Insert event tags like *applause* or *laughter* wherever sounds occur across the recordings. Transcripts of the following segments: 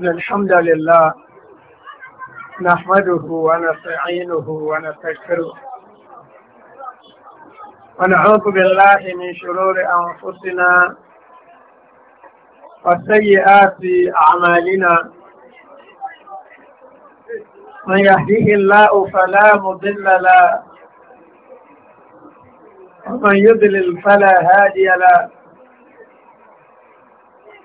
إن الحمد لله نحمده ونستعينه ونستغفره ونعوذ بالله من شرور أنفسنا وسيئات أعمالنا من يهديه الله فلا مضل له ومن يضلل فلا هادي له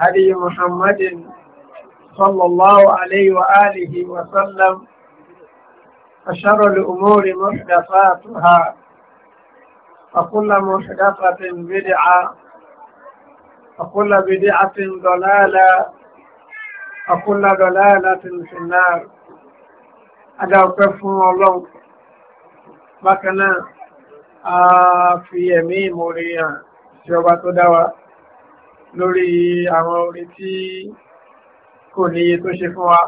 هدي محمد صلى الله عليه وآله وسلم أشر الأمور محدثاتها وكل محدثة بدعة وكل بدعة ضلالة وكل ضلالة في النار أدعوكم الله بكنا في يمين مريا شوبة دواء lórí àwọn orin tí kò níye tó ṣe fún wa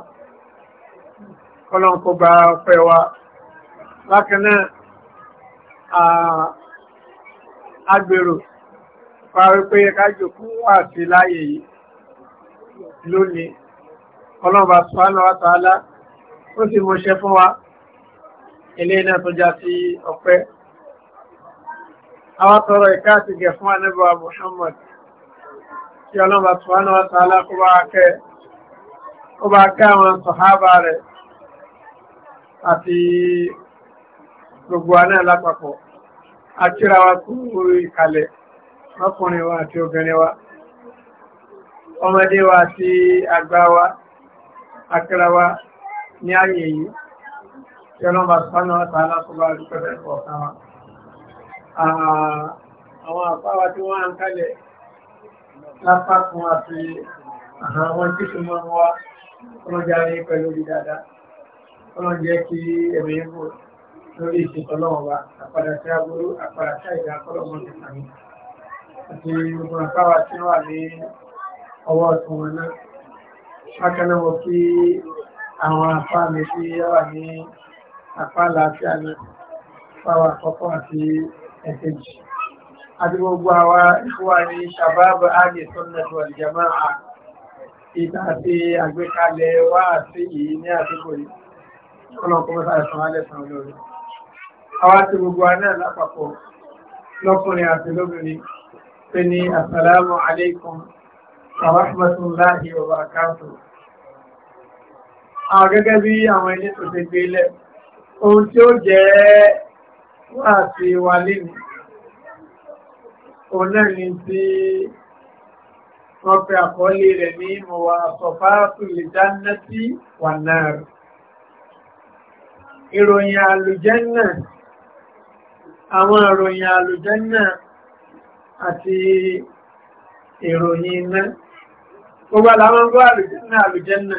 kọ́lọ́n kó bá ọpẹ́ wa bákanáà agbèrò parí pé kájò kú wà sí láyé yìí lónìí kọ́lọ́n bá sọ́nà wátàálá ó sì mọ́ṣẹ́ fún wa ilé náà tó já sí ọpẹ́ àwọn tọrọ ìkáàtìgẹ̀ fún anábọ̀ Muhammad kí ọlọ́mà tùwánà wátàálá kó bá kẹ́ ó bá kẹ́ àwọn sọ̀hábà rẹ̀ àti gbogbo aná lápapọ̀ àkíra wa kú ìkàlẹ̀ ọkùnrin wa àti obìnrin wa ọmọdé wa àti àgbà wa àkíra wa ní ààyè yìí kí ọlọ́mà tùwánà wátàálá kó bá kẹ́ àwọn àpáwa tí wọ́n ń kalẹ̀ lápá kan àti àwọn tí tó máa ń wá ọlọ́jà rí pẹ̀lú orí dáadáa ọlọ́jẹ́ kí ẹ̀mí ń bò lórí ìṣètò ọlọ́run wa àpadà sí aburú àpadà sí àìdá kọ́lọ́mọ́ ti sàmì àti gbogbo àkáwà tí wà ní ọwọ́ ọ̀tún ní apá àkọ́kọ́ àti ẹ̀kejì àti gbogbo àwa ìfúwà ní ṣàbábà áàdì sunnah wal jama'a ìta àti àgbékalẹ̀ wá sí yìí ní àdúgbò yìí alaikum wa rahmatullahi wa barakatuh àwọn gẹ́gẹ́ bí àwọn ilé tó ti gbé lẹ̀ ohun tí ó jẹ́ wá sí wa lénìí olẹ́ni tí wọ́n fẹ́ àkọọ́lé rẹ̀ ní mọ̀wà sọ̀fáàtù lè jannati wà náà ìròyìn àlùjẹ́nà àwọn ìròyìn àlùjẹ́nà àti ìròyìn iná gbogbo àwọn gbọ́ àlùjẹ́nà àlùjẹ́nà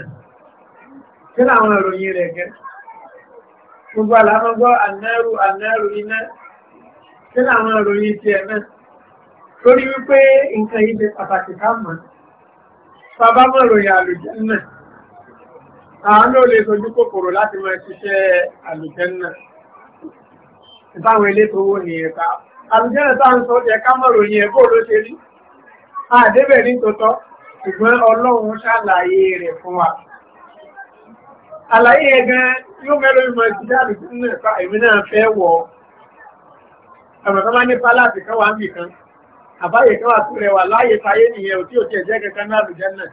kí láwọn ìròyìn rẹ̀ gẹ́ gbogbo àwọn gbọ́ ànẹ́rù ànẹ́rù iná kí láwọn ìròyìn ti ẹ̀ lórí wípé nǹkan yìí ṣe pàtàkì ká mọ̀ bàbá mọ̀ ròyìn àlùjẹ́nà àánú lè sojú kòkòrò láti mọ̀ ṣiṣẹ́ àlùjẹ́nà ìbáwọn ilé tó wó ní ẹ̀ka àlùjẹ́nà tá ń sọ jẹ́ ká mọ̀ ròyìn ẹ̀kọ́ ló ṣe rí àdébẹ̀ ní tòótọ́ ṣùgbọ́n ọlọ́run ṣàlàyé rẹ̀ fún wa àlàyé ẹ̀gan yóò mẹ́lò ìmọ̀ ìṣiṣẹ́ àlùjẹ́nà ẹ̀ka èmi náà fẹ́ wọ̀ ọ̀rọ̀ tó bá ní pálásì kan wà àbáyé kan àti rẹwà láyé fayé nìyẹn ò tí ò tí ẹ̀jẹ́ kankan náà lù jẹ́nà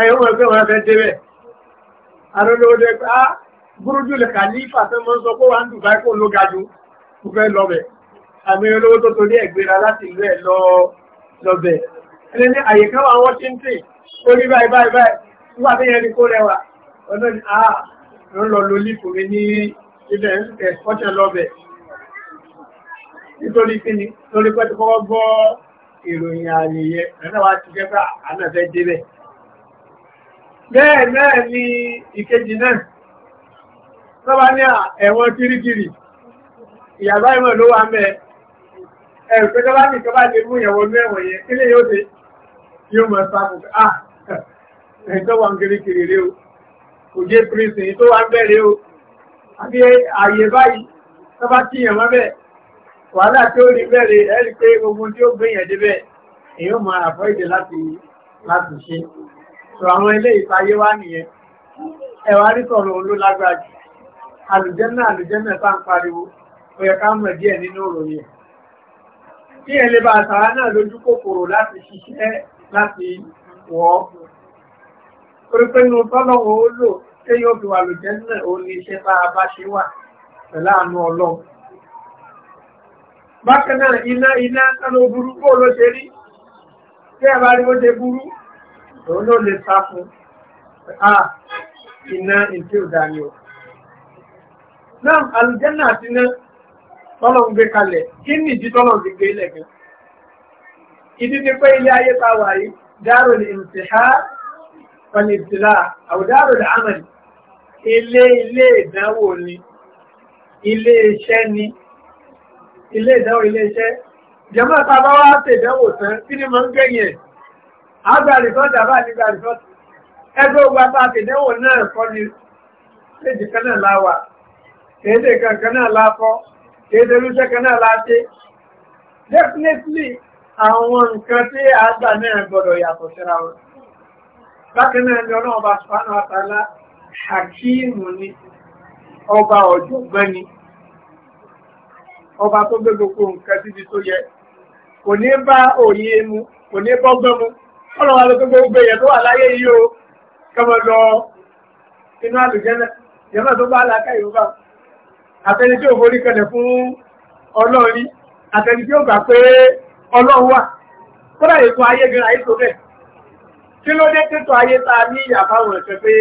ẹ̀yọ́ wọn pẹ́ wọn fẹ́ débẹ̀ arólóde pé á gúrújù lè kà ní ìfàsẹ́ mọ́ sọ pé wà ń dùbá kó ló ga jù kó fẹ́ lọ́bẹ̀ àmì olówó tó torí ẹ̀gbéra láti ìlú ẹ̀ lọ lọ́bẹ̀ ẹni ní àyè kan wà wọ́n ti ń tì ó ní báyìí báyìí báyìí nígbà tó yẹn kó rẹwà ọ̀nà ni á ah, ń lọ lólì ní ilẹ̀ ẹ̀fọ́tẹ̀ lọ́bẹ̀ nítorí kíni torí pẹ́ tó kọ́kọ́ gbọ́ ìròyìn àyẹyẹ ẹ̀nà wa ti jẹ́pẹ́ ànáfẹ́ débẹ̀ bẹ́ẹ̀ náà ni ìkejì náà lọ́wọ́ ní ẹ̀wọ̀n kirikiri ìyàbá ìmọ̀ ló wà mẹ́ ẹ̀rù pé tọ́lá nìkan bá lè mú ìyàwó ní yẹn kí ah ẹ̀ tó wà ń kirikiri rẹ o kò jẹ́ pírísìn tó wà ń bẹ̀rẹ̀ wàhálà tí ó rí bẹ̀rẹ̀ ẹ̀rí pé ogun tí ó gbìyàn débẹ̀ èyí ó máa àfọ́ ìdè láti láti ṣe sọ àwọn ilé ìfàyè wá nìyẹn ẹwà rí sọ̀rọ̀ òun ló lágbára jù àlùjẹ́nà àlùjẹ́nà tá ń pariwo ó yẹ ká mọ̀ díẹ̀ nínú òròyìn kí ẹ lè bá àtàrà náà lójú kòkòrò láti ṣiṣẹ́ láti wọ́ torí pé nínú tọ́lọ́wọ́ ó lò téyàn fi wà lùjẹ́nà òun ní iṣẹ́ tá a bá ṣe wà pẹ̀lú àánú ọlọ́run bákanáà iná iná tánà burú kó ló ṣe rí tí ẹ bá rí ó ṣe burú òun ló lè sá fún a iná ìtí ò dání o náà àlùjànnà àti iná tọ́lọ̀ ń gbé kalẹ̀ kí ni ìdí tọ́lọ̀ ń gbé lẹ́gbẹ̀ẹ́ ìdí ti pé ilé ayé ta wà yìí darul imtihān wal ibtilā' aw darul 'amal ilé ilé ìdánwò ni ilé iṣẹ́ ni ilé ìdánwò ilé iṣẹ́ jẹ́mọ́ ta bá wá tèdánwò tán kí ni mo ń gbẹ̀yìn ẹ̀ àgbà rìsọ́ọ̀tì àbá ní gbà rìsọ́ọ̀tì ẹgbẹ́ ogun apá tèdánwò náà kọ́ ni léjì kan náà láwà kéde kankan náà láfọ́ kéde irúṣẹ́ kan náà láṣe definitely àwọn nǹkan tí àgbà náà gbọ́dọ̀ yàtọ̀ síra wọn bákan náà ni ọlọ́run ọba sùpánù àtàlá hakimu ni ọba ọ̀jọ̀gbọ́n ọba tó gbé gbogbo nǹkan síbi tó yẹ kò ní bá òye mu kò ní bọ́gbọ́n mu ọlọ́wà ló tó gbogbo èèyàn tó wà láyé yìí o kọmọ lọ inú àlùjẹ́nà ìjọba tó bá aláka ìrúbà àtẹni tí ò forí kẹlẹ̀ fún ọlọ́ọ̀rí àtẹni tí ó gbà pé ọlọ́run wà kódà ètò ayé gan ayé tó bẹ̀ kí ló dé tètò ayé ta ní ìyàbáwọn ẹ̀sẹ̀ pé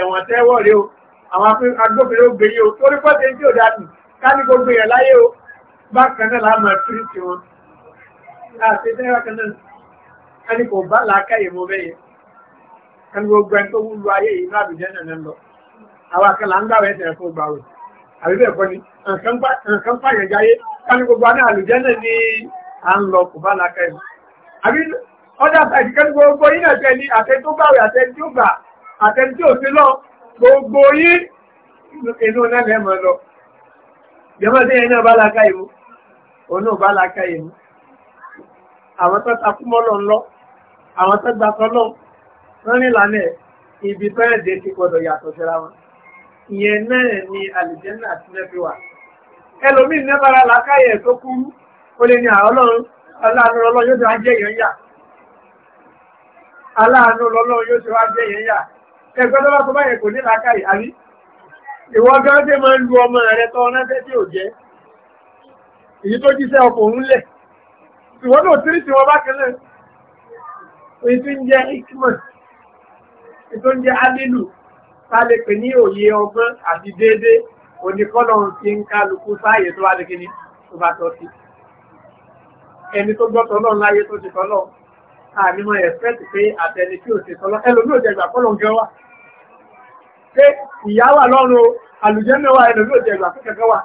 ẹ̀wọ̀n tẹ́wọ̀ rí o àwọn agbófinró gbé yìí o torí pọ́tẹ́ tí ò dànù ká ní gbogbo èèyàn láyé o bákan náà láàmà tírìtì wọn láti ẹgbẹ́ bákan náà a ní kò bá làákàyè mọ bẹ́yẹ ẹni gbogbo ẹni tó wúlò ayé yìí ní àbújá náà lọ àwọn akẹ́là ń gbàwẹ̀ ẹ̀sẹ̀ fún gbàwẹ̀ àbí kọ́ ni nǹkan pààyàn jáyé kánú gbogbo aná àlùjá náà ní à ń lọ kò bá làákàyè mọ àbí ọjà àti kánú gbogbo yín náà tẹ̀lé àtẹ tó gbàwẹ̀ àtẹ tí gbà àtẹ tí ò lọ gbogbo yín inú náà lẹ́mọ̀ lọ. Ìjọba tí ẹni náà bá làákàyè mọ́ òun náà bá lákàyè mú àwọn tó takú mọ́lọ̀ ńlọ àwọn tó gba tọ́lọ̀ wọ́n ní lànà ibi bẹ́ẹ̀ dé ti gbọdọ̀ yàtọ̀ síra wọn ìyẹn náà ni àlìjẹ́nà àti nẹ́fì wà ẹlòmíì nẹ́bàrà lákàyè tó kúrú ó lè ní àọlọ́run aláàánú ọlọ́run yóò ti wá jẹ́ èèyàn yà aláàánú ọlọ́run yóò ti wá jẹ́ èèyàn yà ẹgbẹ́ tó bá tó báyẹn kò ní làákàyè àbí ìwọ gánjẹ́ máa ń lu ọmọ rẹ tọ́ ọ́nà tẹ́ tí ò jẹ́ èyí tó jíṣẹ́ ọkọ̀ òun lẹ̀ ìwọ́n náà tírí tí wọ́n bá kẹlẹ̀ èyí tó ń jẹ́ ikman èyí tó ń jẹ́ alilu ta lè pè ní òye ọgbọ́n àti déédéé oníkọ́lọ̀ ti ń kálukú sáàyè tó wá lékiní tó bá tọ́ sí ẹni tó gbọ́ tọ́lọ́ láyé tó ti tọ́lọ́ ànímọ̀ ẹ̀fẹ́tì pé àtẹni tí ò ti tọ́lọ́ ẹlòmí ò jẹgbà kọ́lọ̀ ń gẹ́ wà pé ìyá wà lọ́rùn àlùjẹ́ ẹlòmí ò jẹgbà kẹ́kẹ́ wà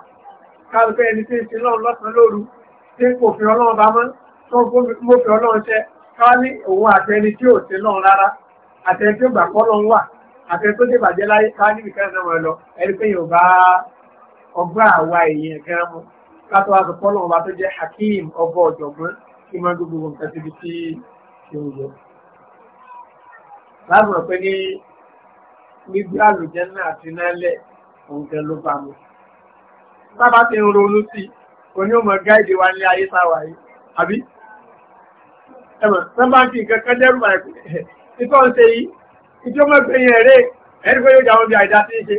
káàkiri ẹni tí ń sin lọ́run lọ́sàn lóru tí kò fi ọlọ́run bá mọ́ tó mọ́ fi ọlọ́run ṣẹ káwá ní òun àti tí ò sin lọ́run rárá àti tí ó gbà wà tó dé bàjẹ́ láyé káwá níbi kan náà lọ ẹni pé yóò bá ọgbà àwa èèyàn kan mu wá sọ lọ́run bá tó jẹ́ hakeem ọgbọ́ ọ̀jọ̀gbọ́n kí máa gbogbo nǹkan tí ṣe ń láàbùrọ̀ pé ní gbígbé àlùjẹ́ náà àti náà lẹ̀ òun ló bá mi. sábà ti ń ronú sí òní ò mọ̀ gáìdì wa ní ayé sáwà yìí àbí ẹ̀mọ̀ sábà ti nǹkan kan dẹ́rù bá ẹ̀kú ìtọ́ ń ṣe yìí ìjọ mọ̀ pé yẹn rè ẹni pé yóò jà wọn bí àìdá tí ń ṣe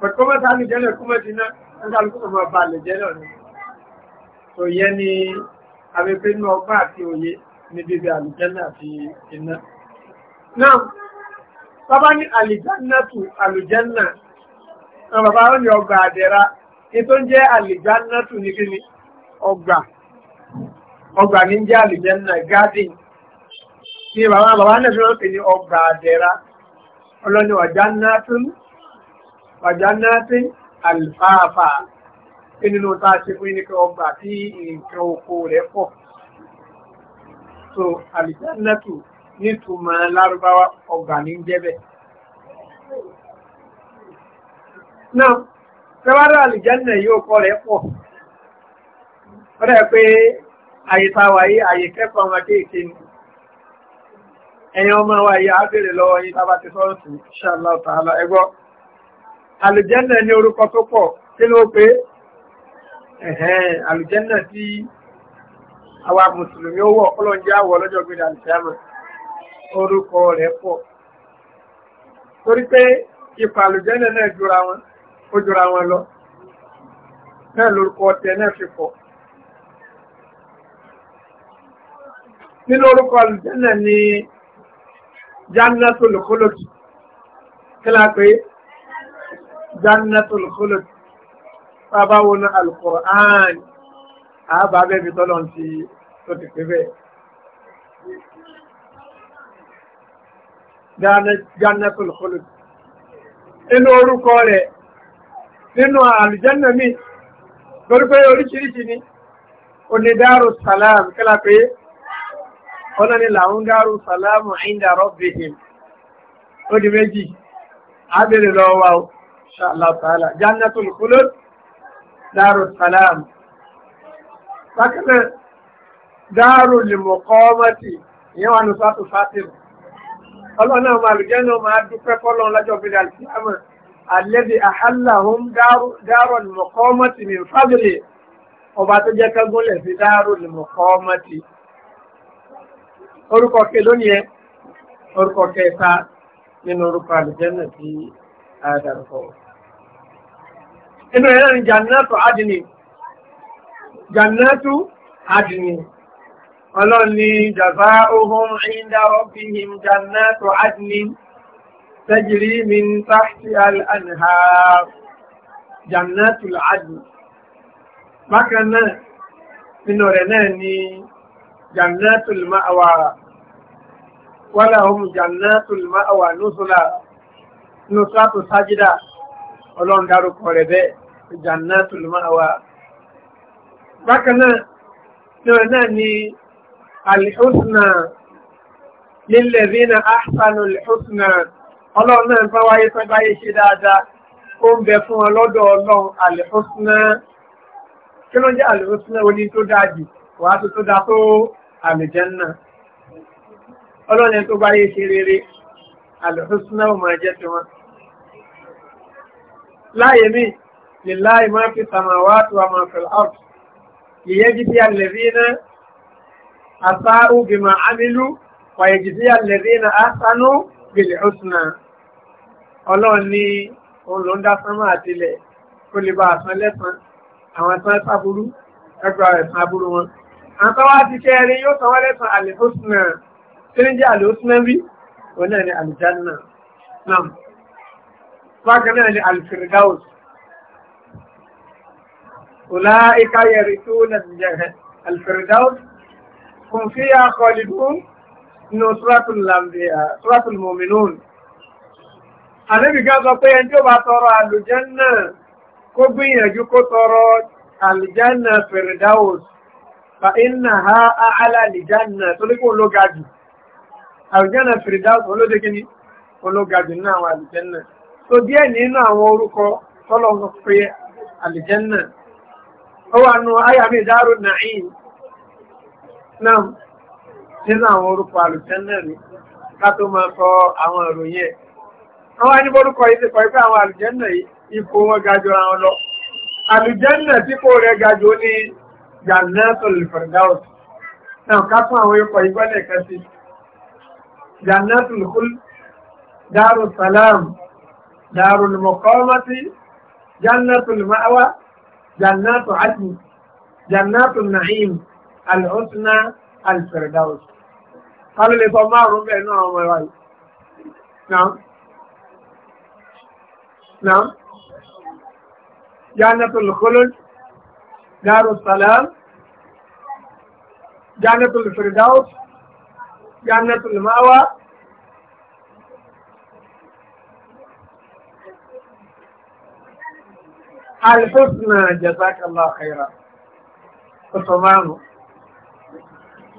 pẹ̀kọ́ mọ́ta ní jẹ́lẹ̀ kú mọ́ ti ná ń ni abẹ́fẹ́ inú ọgbà àti òye ní tù àlùjẹ́nà àwọn bàbá ó ọgbà àdẹ́ra ètò ń jẹ́ àlìjánátù ní kí ni ọgbà ọgbà ní jẹ́ àlìjánà garden ní bàbá bàbá náà fẹ́ràn pè ní ọgbà àdẹ́ra ọlọ́ni wàjánátù wàjánátù àlìfáàfà nínú tá a ṣe fún ní kí ọgbà tí nǹkan oko rẹ̀ pọ̀ so àlìjánátù nítumọ̀ lárúbáwá ọgbà ní jẹ́ bẹ́ẹ̀ náà Tẹ́wárá àlìjẹ́nà yóò kọ́ rẹ̀ pọ̀. Ó rẹ̀ pé àyè táwà yí àyè kẹ́kọ̀ọ́ ọmọ kéèké ni. Ẹ̀yin ọmọ wa yìí á bèèrè lọ́wọ́ yín tábà ti sọ́rọ̀ sí ṣàlá ọ̀tàlá ẹgbọ́. Àlìjẹ́nà ní orúkọ tó pọ̀ Torí pé ipò àlìjẹ́nà náà jura wọn ó jọra wọn lọ náà lórúkọ tẹ náà fi pọ̀ nínú orúkọ alùjẹ́nà ni jannatul khulud kílá pé jannatul khulud bàbá wọn al-Qur'an àbá bẹ́ẹ̀ fi tọ́lọ̀ ti tó ti pé bẹ́ẹ̀. jannatul khulud inú orúkọ rẹ̀ nínú àlùjànnà mi lórí pé oríṣiríṣi ni ó ní dárò sàlám kílá pé ọ̀nà ni làwọn dárò sàlámù inda rabbihim ó di méjì ábẹ̀rẹ̀ lọ́wọ́ wa ó inshallah ta'ala jannatul khulud dárò sàlám bákanáà dárò lèmọ̀kọ́mọ́tì ìyẹn wà ní sátò sátìrì ọlọ́nà ọmọ àlùjànnà máa dúpẹ́ fọ́lọ́ lájọ́ bíi àlùkìyámà alẹ́bí àhálàhùn dárò lùmọ̀kọ́mọ́tì min fadli ọba tó jẹ́ kágúnlẹ̀ sí dárò lùmọ̀kọ́mọ́tì orúkọ kẹ lónìí ẹ orúkọ kẹta nínú orúkọ àlùjẹ́nà sí àdàrúkọ inú ẹ̀rọ ni jannatu adini jannatu adini ọlọ́ni jaza'uhum inda rabbihim jannatu adini. تجري من تحت الأنهار جنات العدن مكان من رناني جنات المأوى ولهم جنات المأوى نصلا نصرات سجدة ولون دارو كوربي جنات المأوى مكان نرناني الحسنى للذين أحسنوا الحسنى ọlọ́run náà bá wáyé tán báyé ṣe dáadáa ó ń bẹ fún wọn lọ́dọ̀ ọlọ́run àlẹ́fọ́súná kí ló ń jẹ́ àlẹ́fọ́súná oní tó dáa jù wàá tó tó dáa tó àlùjánnà ọlọ́run ẹni tó báyé ṣe rere àlẹ́fọ́súná ò máa jẹ́ tiwọn. láyé mi lillahi máa fi samawati wa máa fil ard liyajzi alladhina asa'u bima amilu wa yajzi alladhina ahsanu bílẹ̀ òsùnà ọlọ́run ní òun ló ń dá sánmà àtilẹ̀ kó lè bá àsán lẹ́sàn àwọn tán sáburú ẹgbà ẹ̀sán aburú wọn àwọn tó wá ti ṣe eré yóò sanwó lẹ́sàn àlè òsùnà tí ń jẹ́ àlè òsùnà bí òun náà ní àlùjánà náà bákan náà ní àlùfìrìdáwòsì أولئك يرثون الفردوس هم فيها خالدون nínú suratul lambiya suratul muminun ànábì gan sọ pé ẹni tí ó bá tọrọ àlùjànnà kó gbìyànjú kó tọrọ àlùjànnà firdaus fa inna ha a'la àlùjànnà tó lé kó ló ga jù àlùjànnà firdaus olóde kí ni ológa jù nínú àwọn àlùjànnà tó díẹ̀ nínú àwọn orúkọ tọ́lọ̀ ń pe àlùjànnà ó wà nù ayàmì dárò na'im nínú àwọn orúkọ àlùjẹ́nà ní ká tó máa kọ àwọn ìròyìn ẹ̀. wọ́n wá ní bórúkọ yìí ti kọ ipé àwọn àlùjẹ́nà yìí ipò wọn ga jù ara wọn lọ. àlùjẹ́nà tí kò rẹ̀ ga jù ó ní Jannatul Firdaus. náà ká fún Jannatul Khuld, Jannatul Na'im, al الفردوس قالوا لي فما هم نعم نعم جنة الخلد دار السلام جنة الفردوس جنة المأوى الحسنى جزاك الله خيرا وصمامه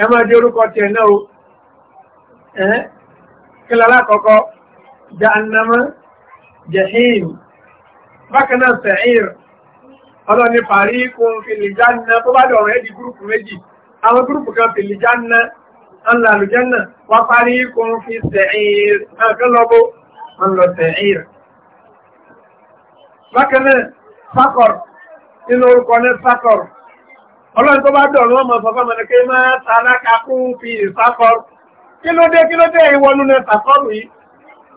ẹ máa di orúkọ tiẹ̀ náà o ẹ́ kí lára kọ́kọ́ jahannama jahim bákan náà sa'ir ọlọ́ni fariqun fil janna tó bá dọ̀rọ̀ ẹ́ di gúrùpù méjì àwọn gúrùpù kan fil janna ńlá àlùjánà wá fi sa'ir ọlọ́run tó bá dọ̀rọ̀ ọmọ sọ fọ́mọ̀ máa tààlákà kún fi ìsákọrù kí ló dé kí ló dé ìwọlú ní sàkọrù yìí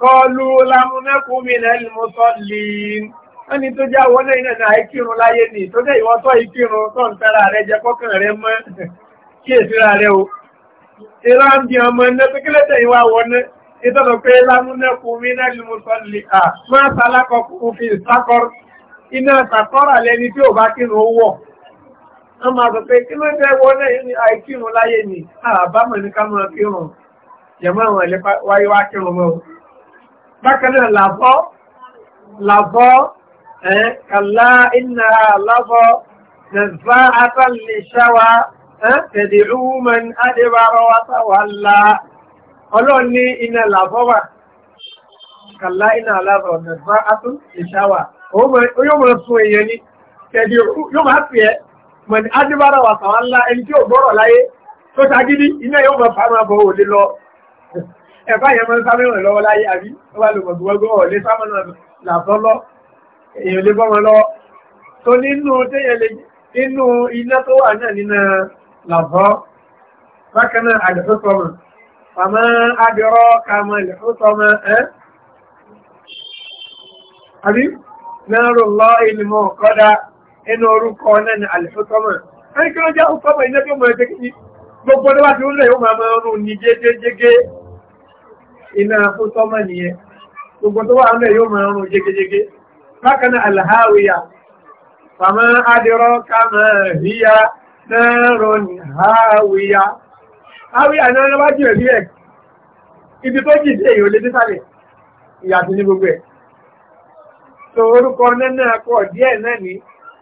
kọlu lámúnẹ́kùnmí lẹ́lìmọ́sọ́ lìn ẹni tó já wọlé iná ní àìkírun láyé nì tó dé ìwọ sọ ìkírun tó ń tẹ́ra rẹ jẹ kọ́kàn rẹ mọ́ kí èsìra rẹ o ìran ń bí ọmọ ẹni tó kí ló dé ìwà wọlé ìtọ́nà pé lámúnẹ́kùnmí lẹ́lìmọ́sọ́ lìn à máa tààlákà kún fi ìsákọrù iná sàkọrù àlẹ́ni tí a máa sọ pé kí ló jẹ́ wọ́n náà ní àìkírun láyé ni àbámọ̀ ní ká máa kírun jẹ̀mọ́ àwọn ilé wáyé wá kírun mọ́ bákan náà làbọ́ làbọ́ ẹ̀ kàlá iná làbọ́ nàìjíríà àtàlè ṣáwa tẹ̀dẹ̀ rúmọ̀n adébárọ̀ wátàwálà ọlọ́run ní iná làbọ́ wà kàlá iná làbọ́ nàìjíríà àtàlè ṣáwa ó yóò mọ̀ fún èèyàn ní tẹ̀dẹ̀ yóò máa fi ẹ́ mọ̀ní adébára wà sàn ńlá ẹni tí ò gbọ́rọ̀ láyé tó ṣagídí iná yóò mọ̀ fáwọn abọ́ òde lọ *laughs* ẹ̀fà yẹn máa ń sáré ràn lọ́wọ́ láyé àbí ó bá lò mọ̀ gbogbo ọ̀lẹ́ sámọ́nà làbọ́ lọ èèyàn lè bọ́mọ lọ tó nínú téèyàn lè nínú iná tó àbí náà rò lọ ìlú mọ̀ kọ́dá ẹnu orúkọ náà ni àlìfọ́tọ́mọ̀ ẹni kí ló jẹ́ ọkọ̀mọ̀ iná tó mọ̀ ẹgbẹ́ kí gbogbo ọdọ́ bá ti rúlẹ̀ yóò máa mọ́ ọrùn ní jégéjégé iná fọ́tọ́mọ̀ nìyẹn gbogbo tó wà rúlẹ̀ yóò máa ọrùn jégéjégé bákan náà alhawiya fàmọ́ adìrọ́ kàmọ́ ríya náírọ̀ ní hawiya hawiya náà lọ́wájú ẹ̀rí ẹ̀ ibi tó jì sí èyí ò lè dísàlẹ̀ ìyàtí ní gbogbo ẹ̀ so orúkọ náà náà kọ̀ díẹ̀ náà ní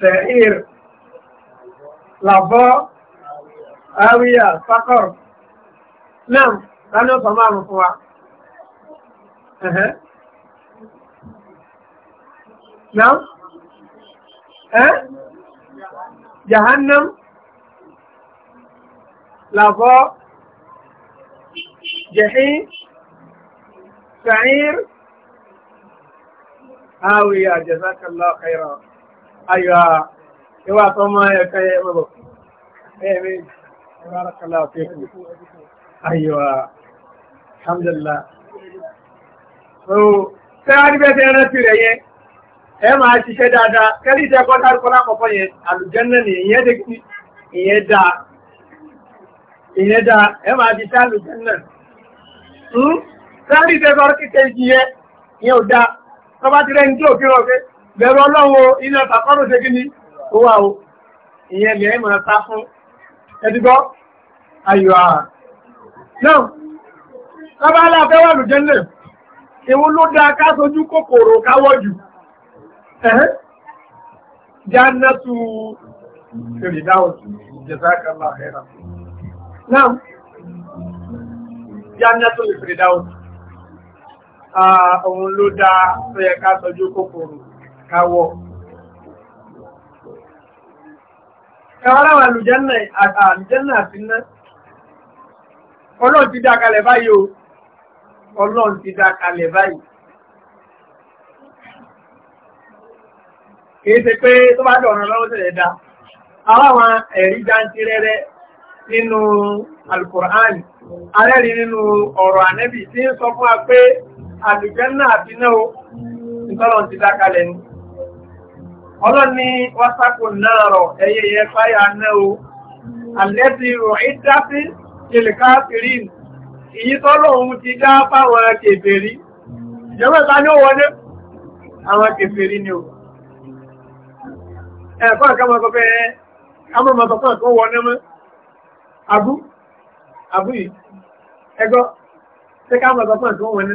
سعير لافا آوية صقر نعم أنا تمام فوا أه. نعم أه؟ جهنم لافا جحيم سعير هاوية جزاك الله خيرا ayọ̀ ìwà àtọmọ ẹ̀kọ́ ẹ̀mọ̀bọ̀ ẹ̀mí ìwárakàlá ọ̀fẹ́kù ayọ̀ alhamdulillah so tẹ́wàá bẹ́ẹ̀ tẹ́ rántí rẹ̀ yẹn ẹ máa ṣiṣẹ́ dáadáa kẹ́lí ìṣẹ́ kọ́ dárúkọ lákọ̀ọ́kọ́ yẹn àlùjẹ́nà ni ìyẹn dé kí ìyẹn dáa ìyẹn dáa ẹ máa di ṣe àlùjẹ́nà tẹ́wàá bẹ́ẹ̀ tẹ́ rántí rẹ̀ yẹn ìyẹn ò dáa tọ́ba ti rẹ́ni bẹ̀rọ ọlọ́wọ́ iná tàkọ́rọ̀ ṣe gíní owó àwọ ìyẹn lè mọ̀ ta fún ẹdígbọ́ ayọ̀ àà náà lábá aláfẹ́ lù jẹ́lẹ̀ ìwú ló dá kásojú kòkòrò káwọ́ jù ẹ̀hẹ́ ló dá ẹ̀ká sọjú kòkòrò káwọ́ ẹwọ́n láwọn àlùjẹ́nà àfiná ọlọ́run ti dá kalẹ̀ báyìí o ọlọ́run ti dá kalẹ̀ báyìí kìí ṣe pé tó bá dọ̀nà lọ́wọ́ tẹ̀lẹ̀ dá àwọn ẹ̀rí jáǹtí rẹ́rẹ́ nínú alukur'ani arẹ́rí nínú ọ̀rọ̀ ànẹ́bì tí ń sọ fún wa pé àlùjẹ́nà àfiná o ìtọ́lọ́run ti dá kalẹ̀ ni ọlọ́run ní wásákò náà rọ̀ ẹyẹ yẹ fáyà náà o àlẹ́bí rọ̀ ìdásí kìlìkáfìrín ìyí ohun ti dá fáwọn kèfèrí ìjọmọ́ta ní ó wọlé àwọn kèfèrí ni o ẹ̀kọ́ àkọ́mọ́kọ́fẹ́ amọ́mọ́kọ́kọ́ àkọ́ wọlé mọ́ abú abú yìí ẹgọ́ tí ká mọ́kọ́kọ́ àkọ́ wọlé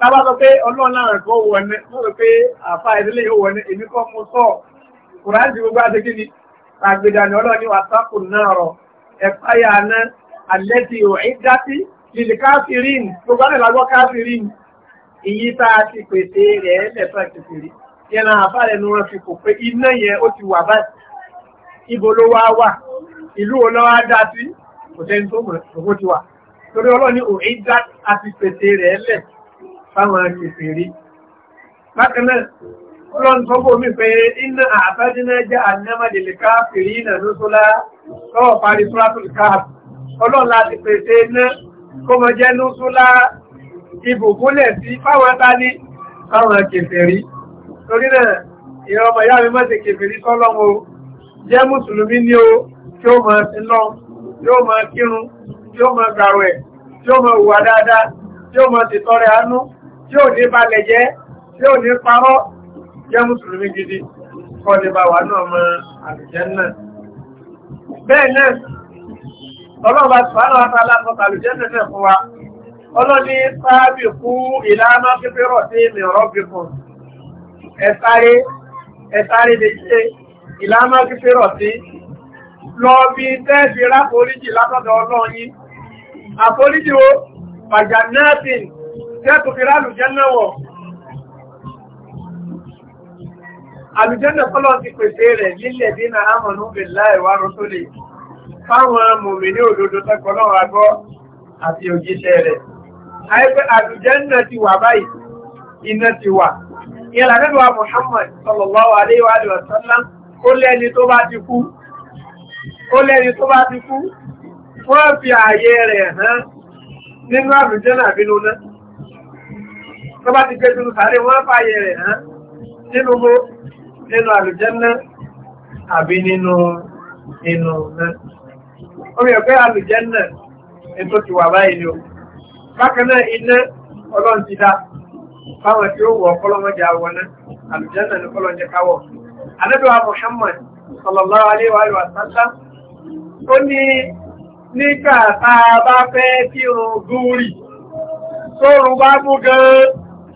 tábà sọ pé ọlọ́run ẹ̀kọ́ wọ̀nẹ́ mọ́ sọ pé àfà ìdílé yóò wọ̀nẹ́ èmi kọ́ gbogbo àti ni àgbèdà ni ọlọ́run ní wàsápù náà rọ ẹ̀fáyà náà àlẹ́tì ò lílì gbogbo àti ìlàgbọ́ èyí tá a ti pèsè rẹ̀ lẹ́fà kìfìrí yẹn náà àfà rẹ̀ fi kò pé iná yẹn ó ti wà báyìí ibo ló wá wà ìlú wo lọ́wọ́ á dá sí fáwọn akẹfẹ́ rí bákanáà ọlọ́n tọ́gbò mi pé iná àbájíná jẹ́ ànámàdìlì káàkiri ìnà lóṣọ́lá tọ́wọ̀ parí súrátùlù káàkiri ọlọ́n láti pèsè iná kó mọ jẹ́ lóṣọ́lá ibùkúnlẹ̀ sí fáwọn tání fáwọn kèfèrí torí náà ìran ọmọ ìyá mi má ṣe kèfèrí sọ́lọ́wọ́ jẹ́ mùsùlùmí ní o tí ó máa ti lọ tí ó máa kírun tí ó máa gbàwẹ̀ tí ó máa tí ò ní balẹ̀ jẹ́ tí ò ní parọ́ jẹ́ mùsùlùmí gidi kọ́ ní bá wà náà mọ́ àlùjẹ́ náà bẹ́ẹ̀ náà ọlọ́ọ̀bá sùhánà àtàlá sọ àlùjẹ́ náà fún wa ọlọ́ni sáábì kú ìlànà pípẹ́rọ̀ sí mìíràn fífún ẹ̀sáré ẹ̀sáré lè ṣe ìlànà pípẹ́rọ̀ sí lọ bí tẹ́ẹ̀fì ráforíjì látọ̀dọ̀ ọlọ́yin àforíjì o pàjánáàtìn jẹ́ tó fi rá àlùjẹ́nà wọ̀ àlùjẹ́nà fọ́lọ́ ti pèsè rẹ̀ lílẹ̀ dínà àmọ̀nú billahi wa rasulihi fáwọn mòmìnì wa sallam o tó bá ti kú ó lẹ́ni tó ti wọ́n fi ààyè rẹ̀ hàn nínú àlùjẹ́nà tó bá ti gbé sínú sàárè wọ́n fàyè rẹ̀ hàn nínú bó nínú àlùjẹ́nà àbí nínú inú náà. Omi ọ̀pẹ́ àlùjẹ́nà ètò ti wà báyìí ni ó. Bákan náà iná ọlọ́run ti dá fáwọn tí ó wọ̀ ọ̀pọ̀lọmọjà wọ̀ náà àlùjẹ́nà ní kọ́lọ́njẹ́ káwọ̀. Ànábì wa Muhammad sallallahu alaihi wa sallam ó ní nígbà tá a bá fẹ́ kí oòrùn gúrì tóòrùn bá mú gan-an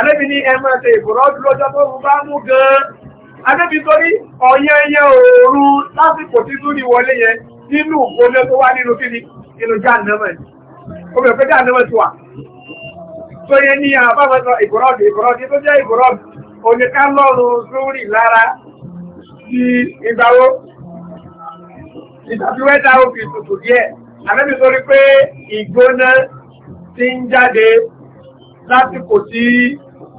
Ànábì ní ẹ máa ṣe ìbòrọ́dù lọ́jọ́ tó bá mú gan-an. Ànábì torí ọ̀yẹ́yẹ́ òru lásìkò títún ní wọlé yẹn nínú ìgbóná tó wá nínú kíni nínú jáànámẹ̀. Ó bẹ̀rẹ̀ pé jáànámẹ̀ ti wà. Tó yẹ ní àbámọ́sọ ìbòrọ́dù ìbòrọ́dù tó jẹ́ ìbòrọ́dù oníkálọ́run lórí lára ti ìgbàwó. Ìtàbíwẹ́ta ó fi tutù díẹ̀. Ànábì torí pé ìgbóná ti ń jáde lásìkò tí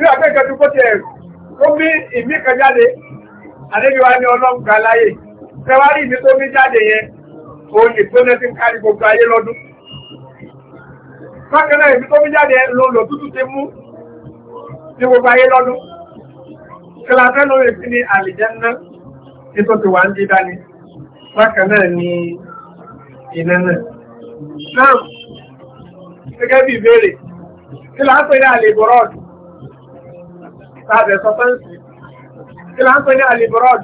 ní àgbẹ̀kẹ́ tó kó ti ẹ̀rù ó bí ìmí kan jáde àdébíwá ní ọlọ́run ga láyé tẹwárí ìmí tó bí jáde yẹn òun ní tó nẹ́sí ń kárí gbogbo ayé lọ́dún bákan náà ìmí tó bí jáde ló lò ni bákan náà ni iná náà náà gẹ́gẹ́ bí ìbéèrè kílásẹ́ ní àlè bọ́rọ̀dù láàbẹ̀ sọ fẹ́ǹsì kí là ń pè ní alibrod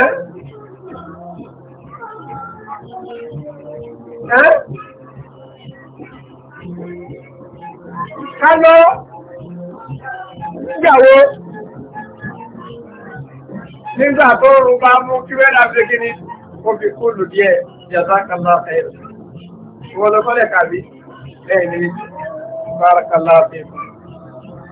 ẹ́ ẹ́ kálọ́ nígbàwó nígbà tó rú bá mú kí wẹ́n àfẹ́ kí ni ó fi kú lù díẹ̀ jàzákàlá ẹ̀rọ ìwọ̀n lọ́kọ́lẹ̀ kàbí ẹ̀ẹ̀ni bárakàlá fífà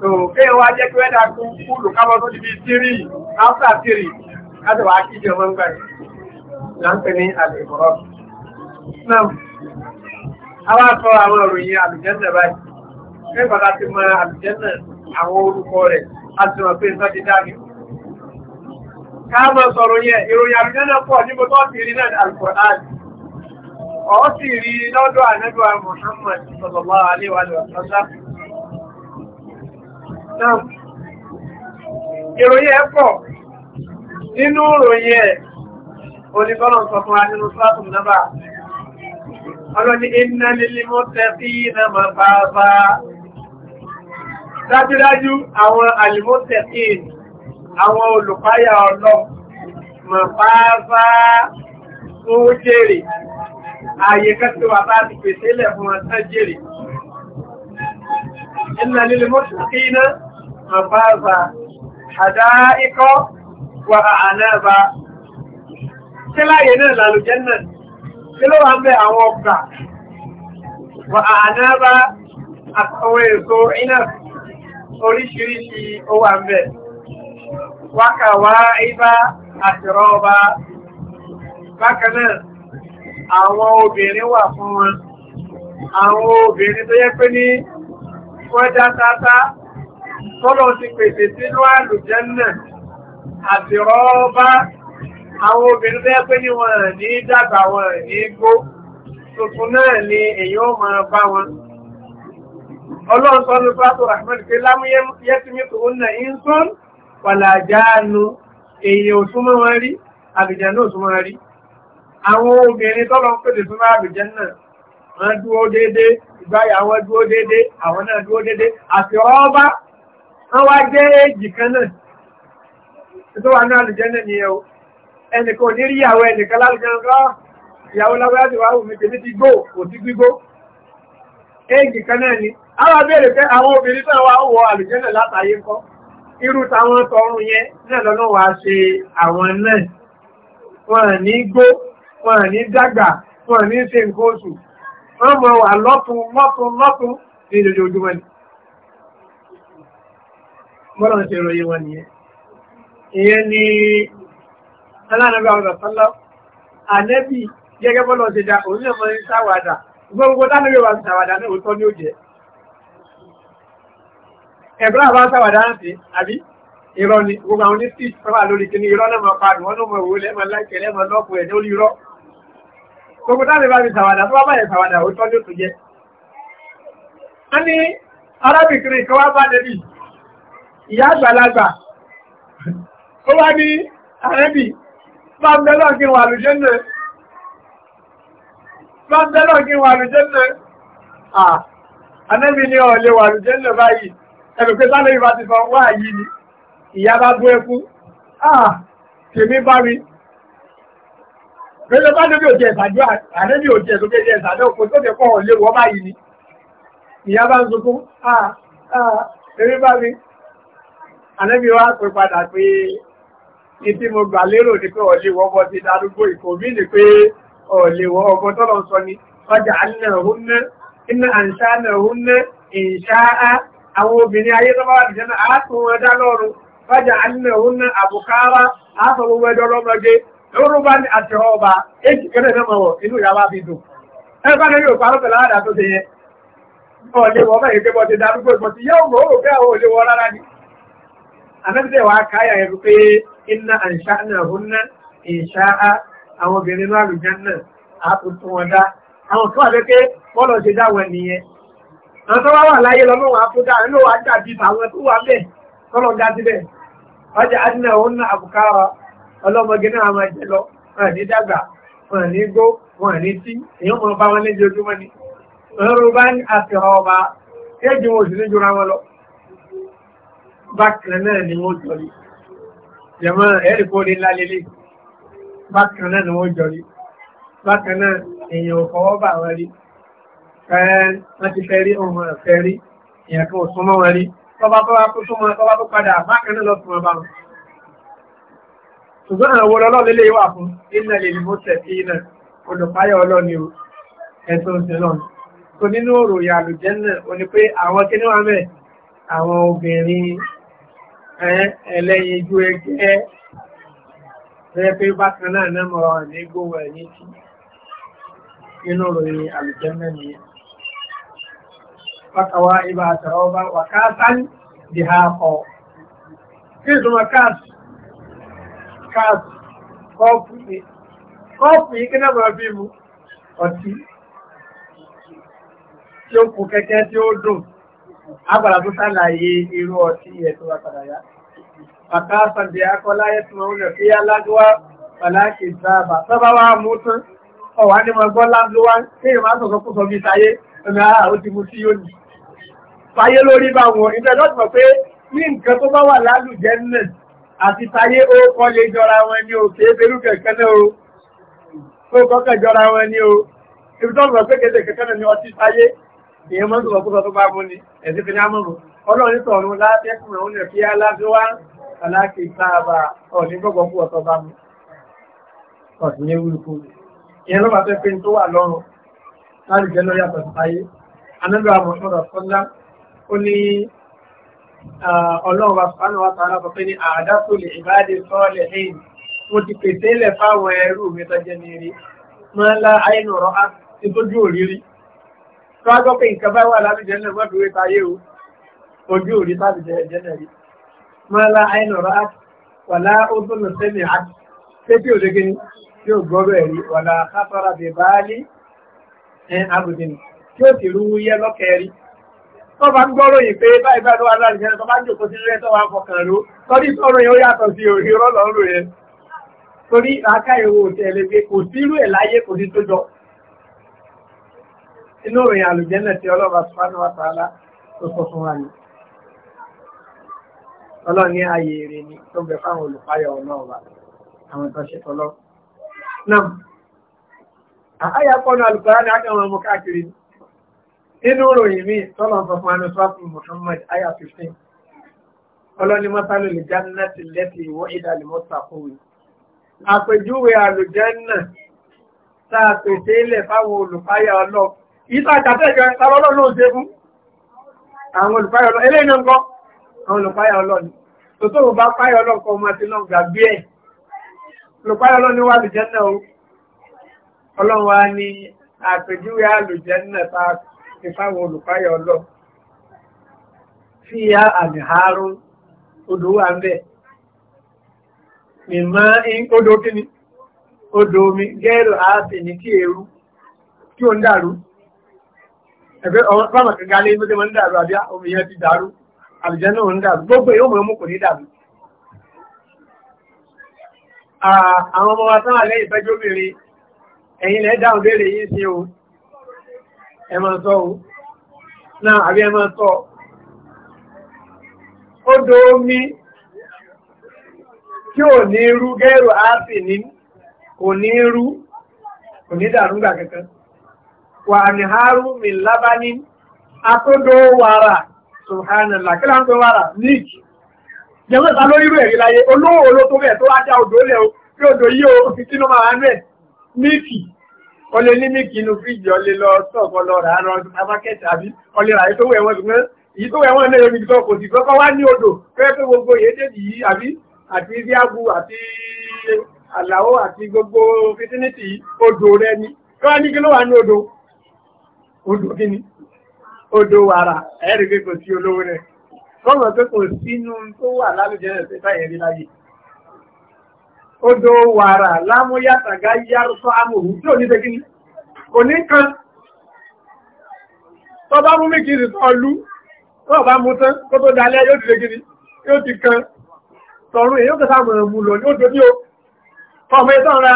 so kéè wá jẹ́ pé ẹ́dà kú kúlù kábọ́ tó ti fi tírì áfà tírì láti wà kí jẹ́ wọ́n gbàyè láńpẹ́ ní àlèkọ́rọ́ náà a wá sọ àwọn ìròyìn àlùjẹ́nà báyìí pé bàbá ti mọ àlùjẹ́nà àwọn orúkọ rẹ̀ a ti mọ̀ pé sọ́dí dábì káàmọ̀ sọ̀rọ̀ yẹn ìròyìn àlùjẹ́nà pọ̀ níbo tó ti rí náà alukọ̀rán Muhammad sallallahu alaihi wa ìròyìn ẹ̀ pọ̀ nínú ìròyìn ẹ̀ olùbọ́lọ̀ sọ fún anínú sọ́tún náà ọlọ́ni iná lílí mọ́ tẹ́fí iná ma bá bá dájúdájú àwọn alìmọ́tẹ̀fí àwọn olùpáyà ọlọ́ ma bá bá tó jèrè ààyè kẹ́kẹ́ wà bá ti pèsè lẹ̀ fún jèrè iná lílí mọ́ tẹ́fí iná àbáàbà àdáíkọ́ wà ànáàbà tí láyé náà lálùjẹ́ náà tí ló wà ń bẹ àwọn ọgbà wà ànáàbà àtàwọn èso iná oríṣiríṣi ó wà ń bẹ wákàwá ibá àtìrọ ọba bákan náà àwọn obìnrin wà fún wọn àwọn obìnrin tó yẹ pé ní wọ́n já sáásá tọ́lọ̀ ti pèsè sínú àlùjànnà àti rọ́ọ́bá àwọn obìnrin bẹ́ẹ̀ pé ní wọn ní dàgbà wọn ní gbó tuntun náà ni èyí ó máa bá wọn ọlọ́run sọ ní pátó rahman pé lámúyẹ́ tí mi tòun náà ń sọ́n pàlàjáánu èyí ò súnmọ́ wọn rí àlùjànnà ò súnmọ́ rí àwọn obìnrin tọ́lọ̀ ń pèsè sínú àlùjànnà wọn dúró déédéé ìgbáyà wọn dúró déédéé àwọn náà dúró déédéé àti rọ́ọ́bá wọ́n wá jẹ́ èjì kan náà tó wà náà lùjẹ́ náà nìyẹn o ẹnìkan ò ní rí ìyàwó ẹnìkan lálùjẹ́ náà ìyàwó lábẹ́ ti wá òmìnir tèmi ti gbó kò sí gbígbó èjì kan náà ni àwọn béèrè pé àwọn obìnrin tó wà wọ àlùjẹ́ náà látàyé ńkọ́ irú táwọn tọrùn yẹn náà lọ́nà wá ṣe àwọn náà wọn ní gbó wọn ní dàgbà wọn ní ṣe nǹkan oṣù wọn mọ wà lọ́tún lọ́tún lọ́tún ní ìjọjọ́ ojúmọ́ ni bọ́lá ti ròyìn wọn nìyẹn ìyẹn ni alánàbí àwọn ọ̀sánlá ànẹ́bì gẹ́gẹ́ bọ́lá ti dá òun náà máa ń gbogbo tánàbí wa ṣàwàdà náà ni gbogbo àwọn oníṣìí sọ́wà lórí kíní irọ́ náà máa pa àwọn ọmọ òwò lẹ́mọ̀ láìkẹ́ lẹ́mọ̀ lọ́pù ẹ̀ lórí irọ́ gbogbo tánàbí wa fi ṣàwàdà tó bá báyẹ̀ ṣàwàdà òótọ́ ní òtún jẹ́ a ní arábìnrin kan bá nẹ́bì ìyá àgbàlagbà ó wá ní àrẹ́bì bá ń bẹ́lọ̀ kí wà lùjẹ́nà bá ń bẹ́lọ̀ kí wà lùjẹ́nà àrẹ́bì ní ọ̀lẹ́ wà lùjẹ́nà báyìí ẹ̀bẹ̀ pé sálẹ̀ ìbá ti fọ́n wá yìí ni ìyá bá bú ẹkú ah tèmi bá mi pẹ̀lú bá lórí òjẹ́ ìsàjọ́ àrẹ́bì òjẹ́ ìsókè jẹ́ ìsàjọ́ òkú tó kẹ́kọ̀ọ́ lè wọ́ báyìí ni ìyá bá ń sunkún ah ah tèmi bá Ànábì wá pè padà pé ìtí mo gbà lérò ní pé ọ̀lẹ́ wọ́pọ̀ ti darúgbó ìkòmí ní pé ọ̀lẹ́ wọ́ ọgbọ́n tọ́lọ̀ sọ ni ọjà ànàhúnná iná àǹṣáànàhúnná ìṣáá àwọn obìnrin ayé tó bá wà nìjẹ́ náà àátún wọn dá lọ́rùn ọjà ànàhúnná àbùkárá àátọ̀ gbogbo ẹjọ́ lọ́mọdé lórúkọ bá ní àti ọba èjì kẹ́lẹ́ náà wọ̀ inú ti darúgbó ìbọn ti yẹ́ òmò òkè àwọn òlẹ́wọ́ rárá ni àfẹ́sẹ̀ wa káyà ẹ̀ pé iná àǹṣá náà hún ná ìṣá àwọn obìnrin náà àlùjánnà á tún tún wọn dá àwọn tó wà pé pé bọ́ọ̀lù ṣe dá wọn nìyẹn àwọn tó wá wà láyé lọ lóun àfúdá nínú wa dàbí àwọn tó wà bẹ́ẹ̀ tọ́lọ̀ dá síbẹ̀ ọjà àdínà òun náà àbùkárọ̀ ọlọ́mọge náà máa jẹ lọ wọn ní dàgbà wọn ní gbó wọn ní tí èyàn mọ̀ bá wọn ní ojoojúmọ́ ni ọ̀rọ̀ bá ń àfihàn ọba kéjì wọn ò sì ní jura wọn lọ bákan náà ni wọ́n jọ rí jẹmọ́ ẹ̀rì kó lè lálélé bákan náà ni wọ́n jọ rí bákan náà èèyàn ò fọwọ́ bà wọ́n rí wọ́n ti fẹ́ rí ohun ọ̀fẹ́ rí èèyàn kan ò súnmọ́ wọn rí tọ́ba tó wá kó súnmọ́ tọ́ba tó padà bákan náà lọ́sùn wọn bá wọn. ṣùgbọ́n àwọn olólọ́ lélẹ̀ wà fún iná lè ní mọ́tẹ̀ sí iná olùpáyọ̀ ọlọ́ni o ẹ̀sùn ìṣẹ̀lọ́ni. tó nínú òròyìn àlùjẹ́ náà ó ní pé àwọn kíníwàmẹ́ àwọn obìnrin ẹlẹ́yinjú ẹgbẹ́ rẹ pé bákan náà náà mọ̀ ní gbówó ẹ̀ na ti inú ròyìn àlùjẹ́mẹ́ ni fakawa ibà àtàrà ọba wà káàsán di ha kọ kí ìtumọ̀ káàsì káàsì kọ́ọ̀pù yìí kọ́ọ̀pù yìí kí na mọ̀ bí mu ọtí tí ó kù kẹ́kẹ́ tí ó dùn. agbára tó sàlàyé irú ọtí ẹ̀tọ́ wa padà yá. Bàtà Sàndé Akọ́láyé tí wọ́n rẹ̀ fi alágbówá Fàláṣì Sábà. Sábà wa mú tán, ọ̀wá ní mo gbọ́ lágbówá, ṣé ìmọ̀ àtọ̀kọ́ kó sọ bí sáyé, ẹ̀mí ara ah, ó ti mú sí yóò ní. Sáyé lórí bá wọn, ìfẹ́ lọ́tí mọ̀ pé ní nǹkan tó bá wà lálùjẹ́ nílẹ̀ àti sáyé ó kọ́ lè jọra wọn ní o, kì í berú kẹ̀kẹ́ náà o. Ó kọ́kẹ́ jọra wọn ní o. Ìfẹ́ tó mọ̀ pé kẹ̀kẹ́ náà ni ọtí sáyé ìyẹn mọ́ sọ̀rọ̀ púpọ̀ tó bá mú ni ẹ̀sìn fi ní àmọ́mù ọlọ́run ní tọ̀run látẹ́kùn òun rẹ̀ fi aláfíwá aláàkì sáàbà ọ̀ní gbọ́gbọ́ púpọ̀ tó bá mú ọ̀sìn ní wúlùkú ìyẹn ló bá fẹ́ pé tó wà lọ́rùn láti jẹ́ lórí àtọ̀sí ayé anábẹ́ àmọ́ sọ̀rọ̀ sọ́lá ó ní ọlọ́run bá sọ́nà wa sọ́nà tó á gbọ́ pé nǹkan bá wà lábìjẹ́ náà wọ́n fi wé tayé o ojú òrí sábìjẹ́ ẹ̀jẹ̀ náà rí mọ́lá àìnàrọ̀ àti wàlá ó tó lọ sẹ́mi àti pé tí ò lége ni tí ò gbọ́ bẹ́ẹ̀ rí wàlá kápára bè bá ní ẹ̀ abùdìní tí ó sì rú yẹ lọ́kẹ́ rí tó bá ń gbọ́rọ̀ yìí pé báyìí bá ló wà láti jẹ́ tó bá ń jòkó sí ilé tó wà fọkàn ló tọ́dí sọ̀rọ̀ yẹn ó yàtọ̀ sí òhìrọ̀ lọ́rùn yẹn torí àkáyẹ̀wò tẹ̀lé pé kò sí irú ẹ̀ láyé kò sí tó jọ inú òyìn àlùjẹ́nà tí ọlọ́ba subhanahu wa ta'ala tó sọ fún wa ni ọlọ́run ní ààyè èrè ni tó bẹ fáwọn olùpáyọ̀ ọlọ́ọ̀ba àwọn tó ṣe tọ́lọ́ náà àáyà pọ́nà alùpàá ní àkàwọn ọmọ káàkiri inú ròyìn mi tọ́lọ̀ sọ fún anuswapu Muhammad aya 15 ọlọ́ni mọ́sálù lè jánà ti lẹ́tì ìwọ́ ìdàlẹ̀ àpèjúwe àlùjẹ́nà tá a pèsè ilẹ̀ fáwọn olùpáyà ọlọ́ọ̀ ìta àtàtẹ́jọ ìtàrọlọ́ ló ń ṣe fún àwọn olùfáyọ̀ lọ eléyìn náà ń kọ́ àwọn olùfáyọ̀ lọ ni tó tó ni wa ni àpèjúwe àlùjẹ́ náà ta ti fáwọn lọ fi ya àmìháró odò wà ń bẹ̀ mímọ́ odò kíni odò omi gẹ́rù ààfin ní kí èrú kí ó ń dàrú ẹgbẹ́ ọmọ pàmò kankan ní ibi máa ń dàrú àbí omi yẹn ti dàrú àbíjá náà dàrú gbogbo yóò mọ̀ mú kò ní dàrú. àwọn ọmọ wa lẹ́yìn lẹ́ dáhùn yìí sí o ẹ máa sọ o náà àbí ẹ omi tí ò ní rú gẹ́rù ní kò ní wà ní haru mi lábání atódó wàrà subhanallah kí láńtó wàrà níkì jẹ́mọ́ ta lórí rẹ̀ ìlàyé olówó olótó rẹ̀ tó wájá odò lẹ̀ kí odò yí o fi kí ló máa wá rẹ̀ níkì ọlẹ́ ní míkì inú fíjì ọlẹ́ lọ sọ́ọ̀kọ́ lọ rà rán abákẹ́tì àbí ọlẹ́ rà tó wẹ̀ wọ́n ṣùgbọ́n èyí tó wẹ̀ wọ́n náà yọmi kọ́ kò sì kọ́kọ́ wá ní odò fẹ́ pé gbogbo èdèdì yìí àbí àti ríàbù àti àlàó àti gbogbo fitiniti odò rẹ ni kí wọ́n ní kí ló wà ní odò odò kíni odò wàrà ẹ̀rí pé kò sí olówó rẹ̀ kọ́mọ̀ pé kò sínú tó wà lálùjẹ́ rẹ̀ pẹ́ta ẹ̀rí láyé odò wàrà lámúyàtàgá yárùsọ amòhù tí ò ní tẹ́kíní kò ní kan tó bá mú méjì rí ọlú tó bá mú tán kó tó dalẹ́ yóò ti tẹ́kíní yóò ti kan tọrún èyí ó kẹta mọ̀ ẹ̀mú lọ ní odò ní o Ọmọ ẹ̀tọ́ ra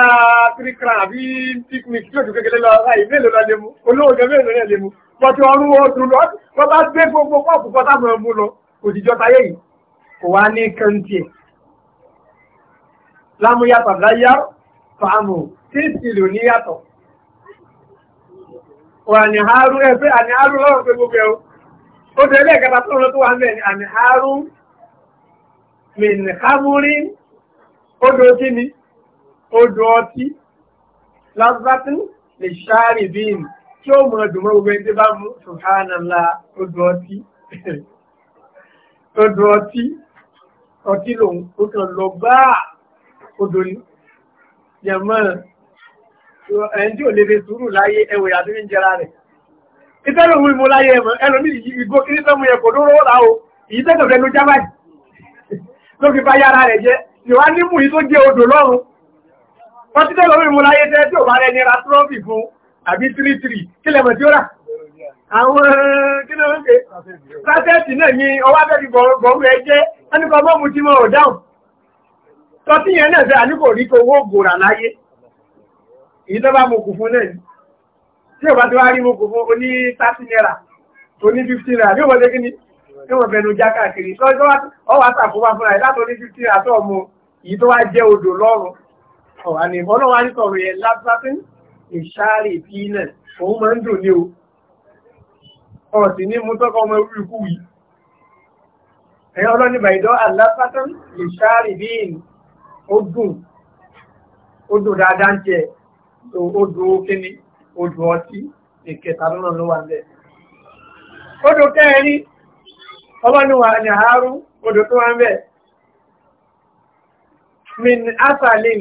kíríkìrà àbí picnic tí ó dùn kékeré lọ ra ìlú èlò lọ lè mú, olówó jẹ mélòó rẹ̀ lè mú. Wọ́n ti ọrún oṣù lọ, wọ́n bá gbé gbogbo pọ́ọ̀pù pọ́tà mọ̀ mú lọ, òjìjọ tayé yìí, kò wá ní kẹ́ntì ẹ̀. Lámúyá tàbí fàámù, tí ìsìlò níyàtọ̀. Ò àníhárú ẹgbẹ́ àníhárú lọ́rùn pé gbogbo ẹ̀ ó tẹ́ ilé ìkàtà tó lọ́tọ́ wà ń bẹ̀ ní àníhárú mìnkámúrí, ó dòó odò ọtí lazzatin lè ṣáàrì bí n tí ó mọ̀ ọdún mọ́ gbogbo ẹni bá mú subhanallah odò ọtí *laughs* odò ọtí ọtí lòun ó kàn lọ bá odò ní jẹ̀mọ́ ẹni tí ò lè fi sùúrù láyé ẹwẹ̀ àti ní jẹra rẹ̀ ìtẹ́lẹ̀ òun mo láyé ẹ̀mọ̀ ẹlòmí ìgbó kí ní sọ́mù ẹ̀kọ́ ló rọ́ ra o èyí tẹ́tọ̀ fẹ́ ló jábàjì *laughs* ló fi bá yára rẹ̀ jẹ́ ìwá nímú yìí tó jẹ́ odò lọ́rùn wọ́n ti tẹ́lọ mímú láyé tẹ́ tí ò bá rẹ̀ nira trọ́fì fún àbí tírítírì kí lẹ́mọ̀ tí ó rà àwọn kí ló ń pè náà ni ọwọ́ abẹ́bí bọ̀rú ẹ jẹ́ ẹnìkan mọ́ mu tí mo ò dáhùn tọ́tí yẹn naira oní fifty naira bí wọ́n ṣe ni tí wọ́n bẹnu já káàkiri ọwọ́ àtàkùn wá fúnra ẹ̀ látọ̀ ní fifty naira tó ọmọ èyí tó wá jẹ́ odò lọ́rùn ọ̀wà ni ọlọ́wà ní sọ̀rọ̀ yẹn lábábín ìṣàrí ìpínlẹ̀ òun máa ń dùn ní o ọ̀sìn ní mú tọ́kọ ọmọ orí ikú yìí ẹ̀yọ́ ọlọ́ni bàìdọ́ alábábín ìṣàrí bíìn ó dùn ó dùn dáadáa ń jẹ ó dùn ó kíní ó dùn ọtí ìkẹta lọ́nà ló wà bẹ́ẹ̀ ó dùn kẹrin ọlọ́ni wà ní àárú ó tó wà bẹ́ẹ̀ min asalin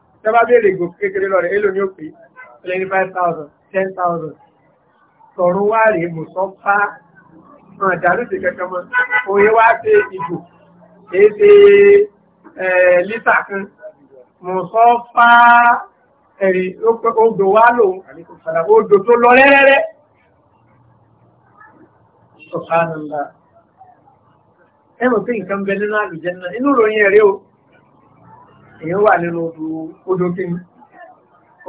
tẹ́bá béèrè ìgò kékeré lọ rẹ̀ èlò ní òpè twenty five thousand ten thousand sọ̀rọ̀ wá rèé mùsọ́fà hàn dàlúùsì kankan mọ́ òye wá ṣe ìgò èé ṣe lítà kan mùsọ́fà ẹ̀rí odò wá lòun odò tó lọ rẹ́rẹ́rẹ́ sọ̀kánà ńlá ẹ pé nǹkan bẹ nínú àlùjẹ́ náà inú ìròyìn ẹ̀rí o èyàn wà nínú odò kíni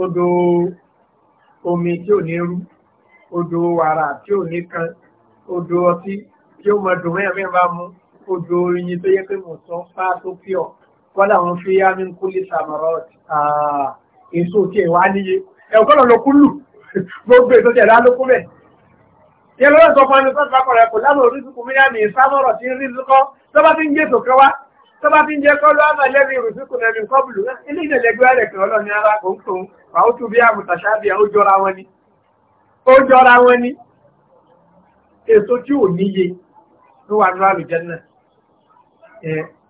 odò omi tí ò ní rú odò wàrà tí ò ní kan odò ọtí tí ó mọ dùn mẹ́rin bá mú odò oyin tó yẹ pé mò ń sọ fá tó pure kọ́dà wọn fi yá ní kúlì sàmọ̀rọ̀ èso tí ẹ̀ wá níye ẹ̀kọ́ lọ kúlù *laughs* gbogbo èso tí ẹ̀ lálókú bẹ̀. yẹ lọ́wọ́ sọ fún ẹni sọ́ọ̀tì bá ẹ̀kọ́ lánàá orí tuntun mílíọ̀nù ìsámọ̀rọ̀ tí ń rí lókọ́ tó bá ti ń gbé ètò kan tó bá fi ń jẹ kọ́lọ́ àmàlẹ́bí ìrùsùkù lẹ́bí kọ́bùlù ilé ìdẹ̀lẹ́gbẹ́ rẹ̀ kan ọlọ́ni ara kò ń tó ń wà ó tún bí àmùtàṣábì ó jọra wọn ni ó jọra wọn ni èso tí ò níye ló wà nínú àlùjẹ́nà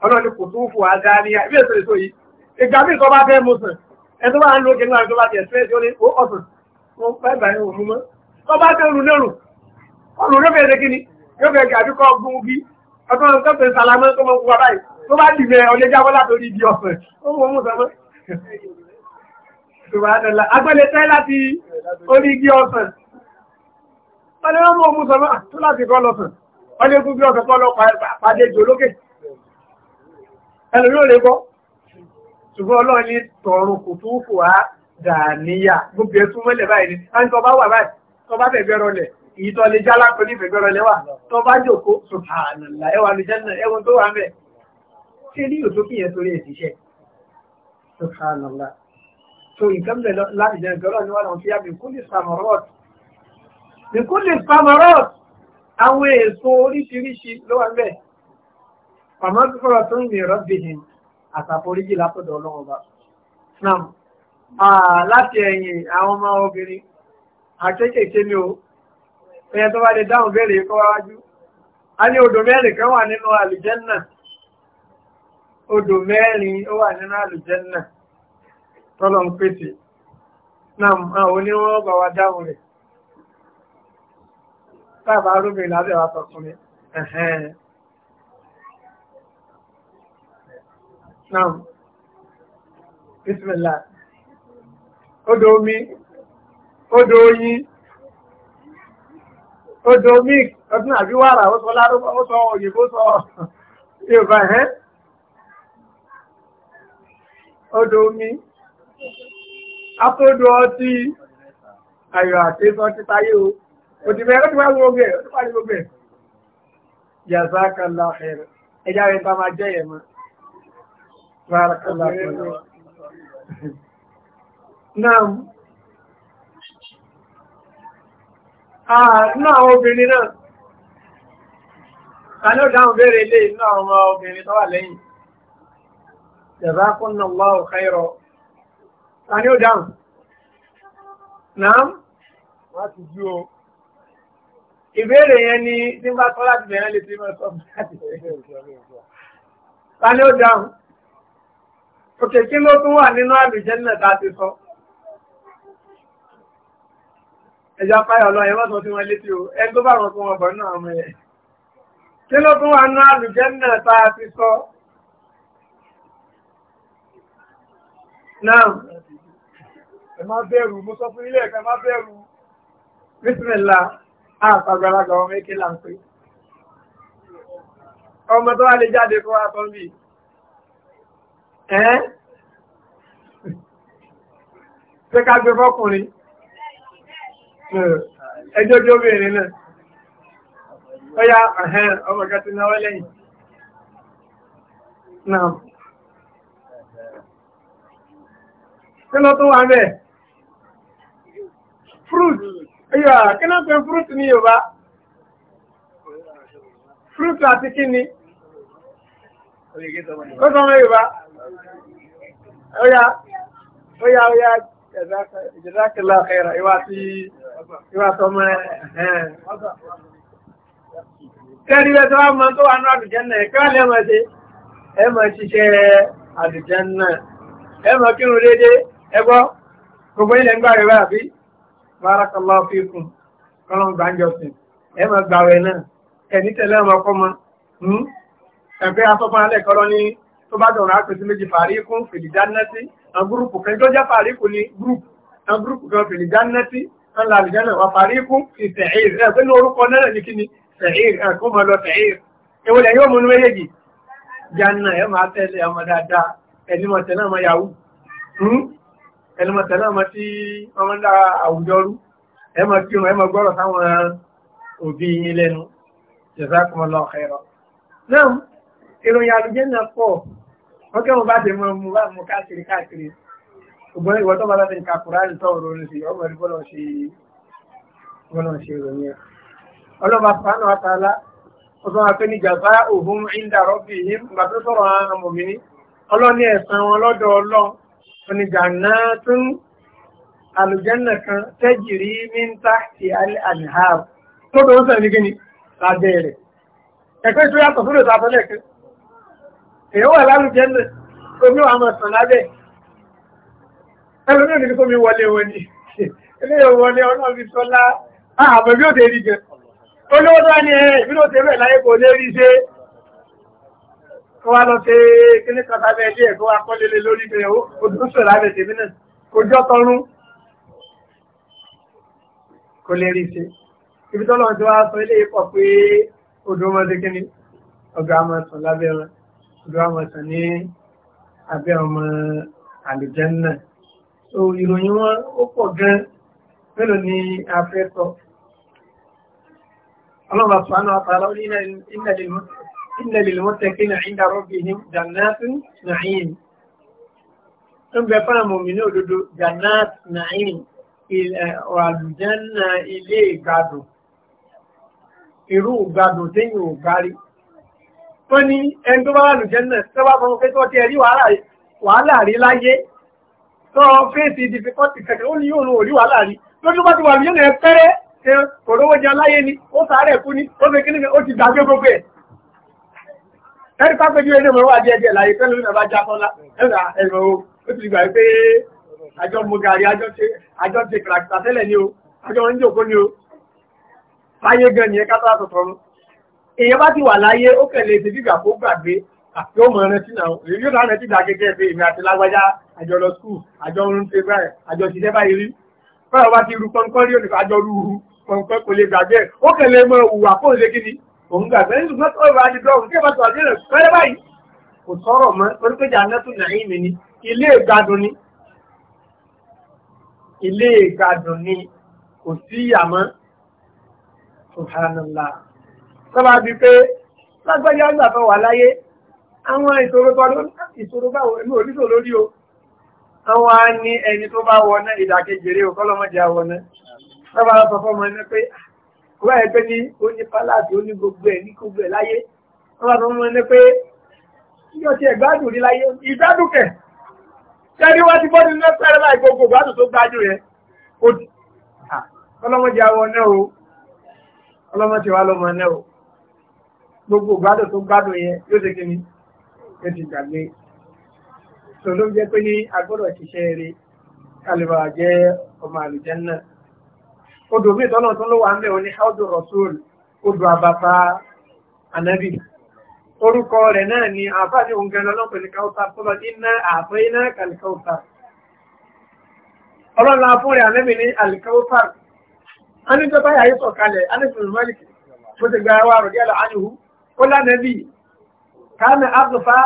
ọlọ́ni kò tún fò àga ní àbí èso èso yìí ìgbà míì tó bá fẹ́ mú sàn ẹ tó bá ń lo kẹ́kẹ́ náà tó bá tiẹ̀ fẹ́ tó ní ó ọ̀sán tó bá dìbẹ̀ ọdẹ jábọ́ látòrí ibi ọ̀fẹ́ ó mú ọmú sọmọ́ ṣùgbọ́n agbẹ́lẹ̀ tẹ́ láti orí igi ọ̀fẹ́ ọdẹ wọ́n mú ọmú sọmọ́ ah, tó láti kọ́ lọ́fẹ́ ọdẹ kú bí ọ̀fẹ́ kọ́lọ́ pàdé jò lókè ẹlòmí ò lè gbọ́ ṣùgbọ́n ọlọ́run ní tọrùn kò tó fò a ń tọ́ bá wà báyìí tọ́ bá bẹ̀ bẹ̀rọ̀ lẹ̀ ìyí tọ́ lè jálá pẹ̀lú ìfẹ̀gbẹ̀rọ̀ lẹ́wà tọ́ bá jòkó sùhànàlà ẹwà lè jẹ́ ẹwọ́n tó wà mẹ́ẹ̀ ṣe rí òtó kí yẹn torí ẹ̀ ṣiṣẹ́ tó ká nàlá tó nǹkan bẹ̀ láti jẹ́ nǹkan lọ́nà wọn fi àmì kó lè samarot ní kó lè samarot àwọn èso oríṣiríṣi ló wà bẹ́ẹ̀ pàmọ́ tó fọ́rọ̀ tó ń rìn rọ́bìnrin àtàforíjì látọ̀dọ̀ ọlọ́run bá nam láti ẹ̀yìn àwọn ọmọ obìnrin àkékèké ni o ẹ̀yẹ tó bá lè dáhùn béèrè kọ́ wájú a ní odò mẹ́rin kan wà nínú àlùjẹ́nnà odò mẹ́rin ó wà nínú àlùjẹ́nà tọ́lọ̀ ń pèsè náà àwọn oníwọ́n bá wa dáhùn rẹ̀ táàbà arúgbìn lábẹ́ wa tọkùnrin ẹ̀hẹ́n náà bísímìlá odò omi odò oyin odò omi ọdún àbí ó sọ lárúbọ ó sọ òyìnbó sọ Yorùbá ẹ̀hẹ́n odò omi afọ́dọ̀ ọtí ayọ̀ àti sọ ti táyé o òdìbẹ̀ ó ti wá gbogbo ẹ̀ ó ti wá gbogbo ẹ̀ jazakallah khair ẹjá rẹ̀ bá máa jẹ́ yẹ̀ mọ́ náà obìnrin náà ta ló dáhùn béèrè ilé inú àwọn obìnrin tó wà lẹ́yìn Jazakumullahu khairan. Ta ni ó dáhùn? Nàám? Wọ́n ti jú o. Ìbéèrè yẹn ni tí ń bá tọ́ láti bẹ̀rẹ̀ lè fi mọ́ sọ Ta ni ó dáhùn? Òkè kí ló tún wà nínú àlùjànnà ta ti sọ? Ẹja páyọ̀ lọ, ẹ̀wọ́n sọ sí wọn létí o. Ẹ tó bá wọn fún wọn náà ọmọ yẹn. Kí ló tún wà nínú àlùjànnà ta ti sọ? náà ẹ má bẹ̀rù mo sọ fún ilé ẹ̀ka ẹ má bẹ̀rù bísímìlá àpàgbàlagbà ọmọ èké là ń pè ọmọ tó wá lè jáde fún wa tán bì ẹ́ pé ká gbé fọkùnrin ẹjọ́ jó bèèrè náà ó yá ọmọ kẹtì náà lẹ́yìn náà. kí ló tó wà mẹ́ fruit yíò kí ló pẹ́ fruit ní Yorùbá fruit àti kí ni ó sọ mọ́ Yorùbá óyá óyá óyá ìjọdákìlá ẹ̀rọ ìwà tí ìwà tó mọ́ ẹ̀ kẹ́rí rẹ̀ tó wá mọ́ tó wà ní àdùjẹ́nà ẹ̀ kí wá lẹ́mọ̀ ṣe ẹ máa ṣiṣẹ́ àdùjẹ́nà ẹ máa kírun déédéé ẹgbọ́ gbogbo ilẹ̀ ń gbà rẹ̀ báyà bí barakallahu fikum kọ́lọ́n gbàǹjọ́sìn ẹ máa gbà rẹ̀ náà ẹ̀ní tẹ̀lé ọmọ ọkọ mọ hmm? ẹ̀fẹ́ afọ́fún alẹ́ kọ́lọ́ ní tó bá dọ̀rọ̀ àpèsè méjì fàárí kún fìdí dánẹ́tì àwọn gúrùpù kan tó jẹ́ fàárí kún ní gúrùpù àwọn gúrùpù kan fìdí dánẹ́tì wọn là àlùjá náà wà fàárí kún fi fẹ̀hìr ẹ̀ pé ní orúkọ náà ní kí ni fẹ̀hìr ẹ̀ kó máa lọ fẹ̀hìr ewu lẹ̀ yóò mú ní méjèèjì jana ẹ̀ máa tẹ̀lé ọmọ dáadáa ẹ̀ní mọ̀ tẹ̀lé ọmọ yahoo hmm? ẹnu mọ̀tẹ̀ náà mọ̀ tí wọ́n mọ́ dá àwùjọ rú ẹ mọ̀ kí ẹ mọ̀ gbọ́rọ̀ sáwọn òbí yín lẹ́nu jazakumullahu khairan náà ìròyìn àlùjẹ́ náà pọ̀ wọ́n kẹ́wọ́n bá ti mọ̀ mú bá mú káàkiri káàkiri ṣùgbọ́n ìwọ́n tó bá láti ka kùránì tó rò ní sí ọmọ rí bọ́lọ̀ ṣe bọ́lọ̀ ṣe ìròyìn ẹ̀ ọlọ́ba fánà àtàlá ó sọ wọn pé ní jàzá òhun ìdàrọ́bì yìí gbàtó sọ̀rọ̀ àwọn ọmọ mi ní ọlọ́ni ẹ̀sán wọn lọ́dọ̀ ọlọ́run oníjànà tún àlùjànnà kan tẹ́jìrí min tahti al-anhar tó tó ń sàn ní gíní lábẹ́ rẹ̀ ẹ̀kọ́ ìtura tọ̀fúrò tàbí lẹ́kẹ́ èyí wà lálùjànnà omi wà máa sàn lábẹ́ ẹlòmíràn ní kómi wọlé wọn ni eléyìí wọlé ọlọ́run fi sọlá ah, àbẹ̀bí òde rí gan olówó tó wá ní ẹ̀ ìbílẹ̀ òde rẹ̀ láyé kò lè rí ṣe kó wá lọ ṣe kíní kan sábẹ́ ẹdí ẹ̀ kó wá kọ́ lélẹ̀ lórí ìgbìyàn odúnṣe lábẹ́ tèmi náà kò jọ tọrún kò lè rí ṣe ibi tó so ìròyìn wọn ó pọ̀ gan mélòó ni a fẹ́ sọ ọlọ́run àtúwánà àtàlọ́ ní ilẹ̀ ìlú inna lil muttaqina inda rabbihim jannatun na'im ń bẹ fún àwọn òmìnir òdodo jannat na'im àlùjànnà ilé ìgbádùn irú ìgbádùn téyìn ò gárí tó ní ẹni tó bá wà lùjànnà tó bá fọwọ́ pé tó ti ẹ̀rí wàhálà rí láyé tó fèsì difficulty kẹ̀kẹ́ ó ní yóò lò rí wàhálà rí lójú bá ti wà lùjànnà pẹ́rẹ́ kòrówó jẹ aláyé ni ó sàárẹ̀ kú ni ó fẹ́ kí ó ti gbàgbé gbogbo ẹ̀ ẹni pápẹ́ bí ẹni mọ̀ wá díẹ̀ díẹ̀ láyé pẹ́lú ìrìn àbájá fọ́lá ẹ̀rọ ẹ̀rọ ó ti gbà pé àjọ mo àjọ ṣe kìràkìtà tẹ́lẹ̀ ni o àjọ ń jòkó ni o láyé gan ni ẹ ká tọ́lá tuntun rún èèyàn bá ti wà láyé ó kẹ̀lé ti dìgbà kó gbàgbé àti ó mọ ẹran tí náà èyí yóò dáná ti dà gẹ́gẹ́ bí èmi àti lágbájá àjọ lọ skul àjọ ń ṣe báyìí àjọ ṣiṣẹ́ báyìí rí fẹ́ràn bá ti ru pọ́nkọ́ rí òní àjọ ru pọ́nkọ́ kò lè gbàgbé ó kẹ̀lé mọ òwú àpò ìṣe kíni òun gbà bẹ́ẹ̀ ṣùgbọ́n tó rọ adìdọ́rùn kí ẹ bá tó àdé rẹ̀ pẹ́rẹ́ báyìí kò sọ̀rọ̀ mọ́ orípéjà anẹ́tù nàìyí mi ni ilé ìgbádùn ni ilé kò sí àmọ́ subhanallah sọ́ba bíi pé lágbájá ń wà láyé àwọn ìṣòro ìṣòro báwo ẹ̀mí oníṣòro lórí o àwọn á ní ẹni tó bá wọ náà ìdàkejì rẹ̀ òkọ́lọ́mọdé àwọn náà wọ́n yẹ pé ní ó ní pálásì ó ní gbogbo ẹ̀ ní gbogbo ẹ̀ láyé wọ́n bá tó ń mọ́ni pé yíyọ ti ẹ̀gbádùn rí láyé ìgbádùn kẹ̀ sẹ́ni wọ́n ti bọ́ nínú pẹ́rẹ́ láì gbogbo gbádùn tó gbádùn yẹn ó di ọlọ́mọdé àwọn náà o ọlọ́mọdé wa lọ́mọ o gbogbo gbádùn tó gbádùn yẹn yóò ṣe kí ni yóò ti gbàgbé sọ ló ń jẹ́ pé ní agbọ́dọ̀ ṣiṣẹ́ rẹ̀ kálíbà jẹ́ ọmọ àlùjẹ́ náà odò bí ìtọ́nà tó ló wà ń bẹ̀ òní haudu rasul odò àbàfà anabi orúkọ rẹ̀ náà ni àfáàní òun gan lọ́nà pẹ̀lú káwùtà tó lọ iná àfẹ́ iná kàlíkáwùtà ọlọ́run afún rẹ̀ anabi ní alikawùtà a ní tó báyà yìí sọ̀kalẹ̀ anifin malik tó ti gba wa rọ̀dí àlọ́ àyùhù ó lánàbì kánà àbùfà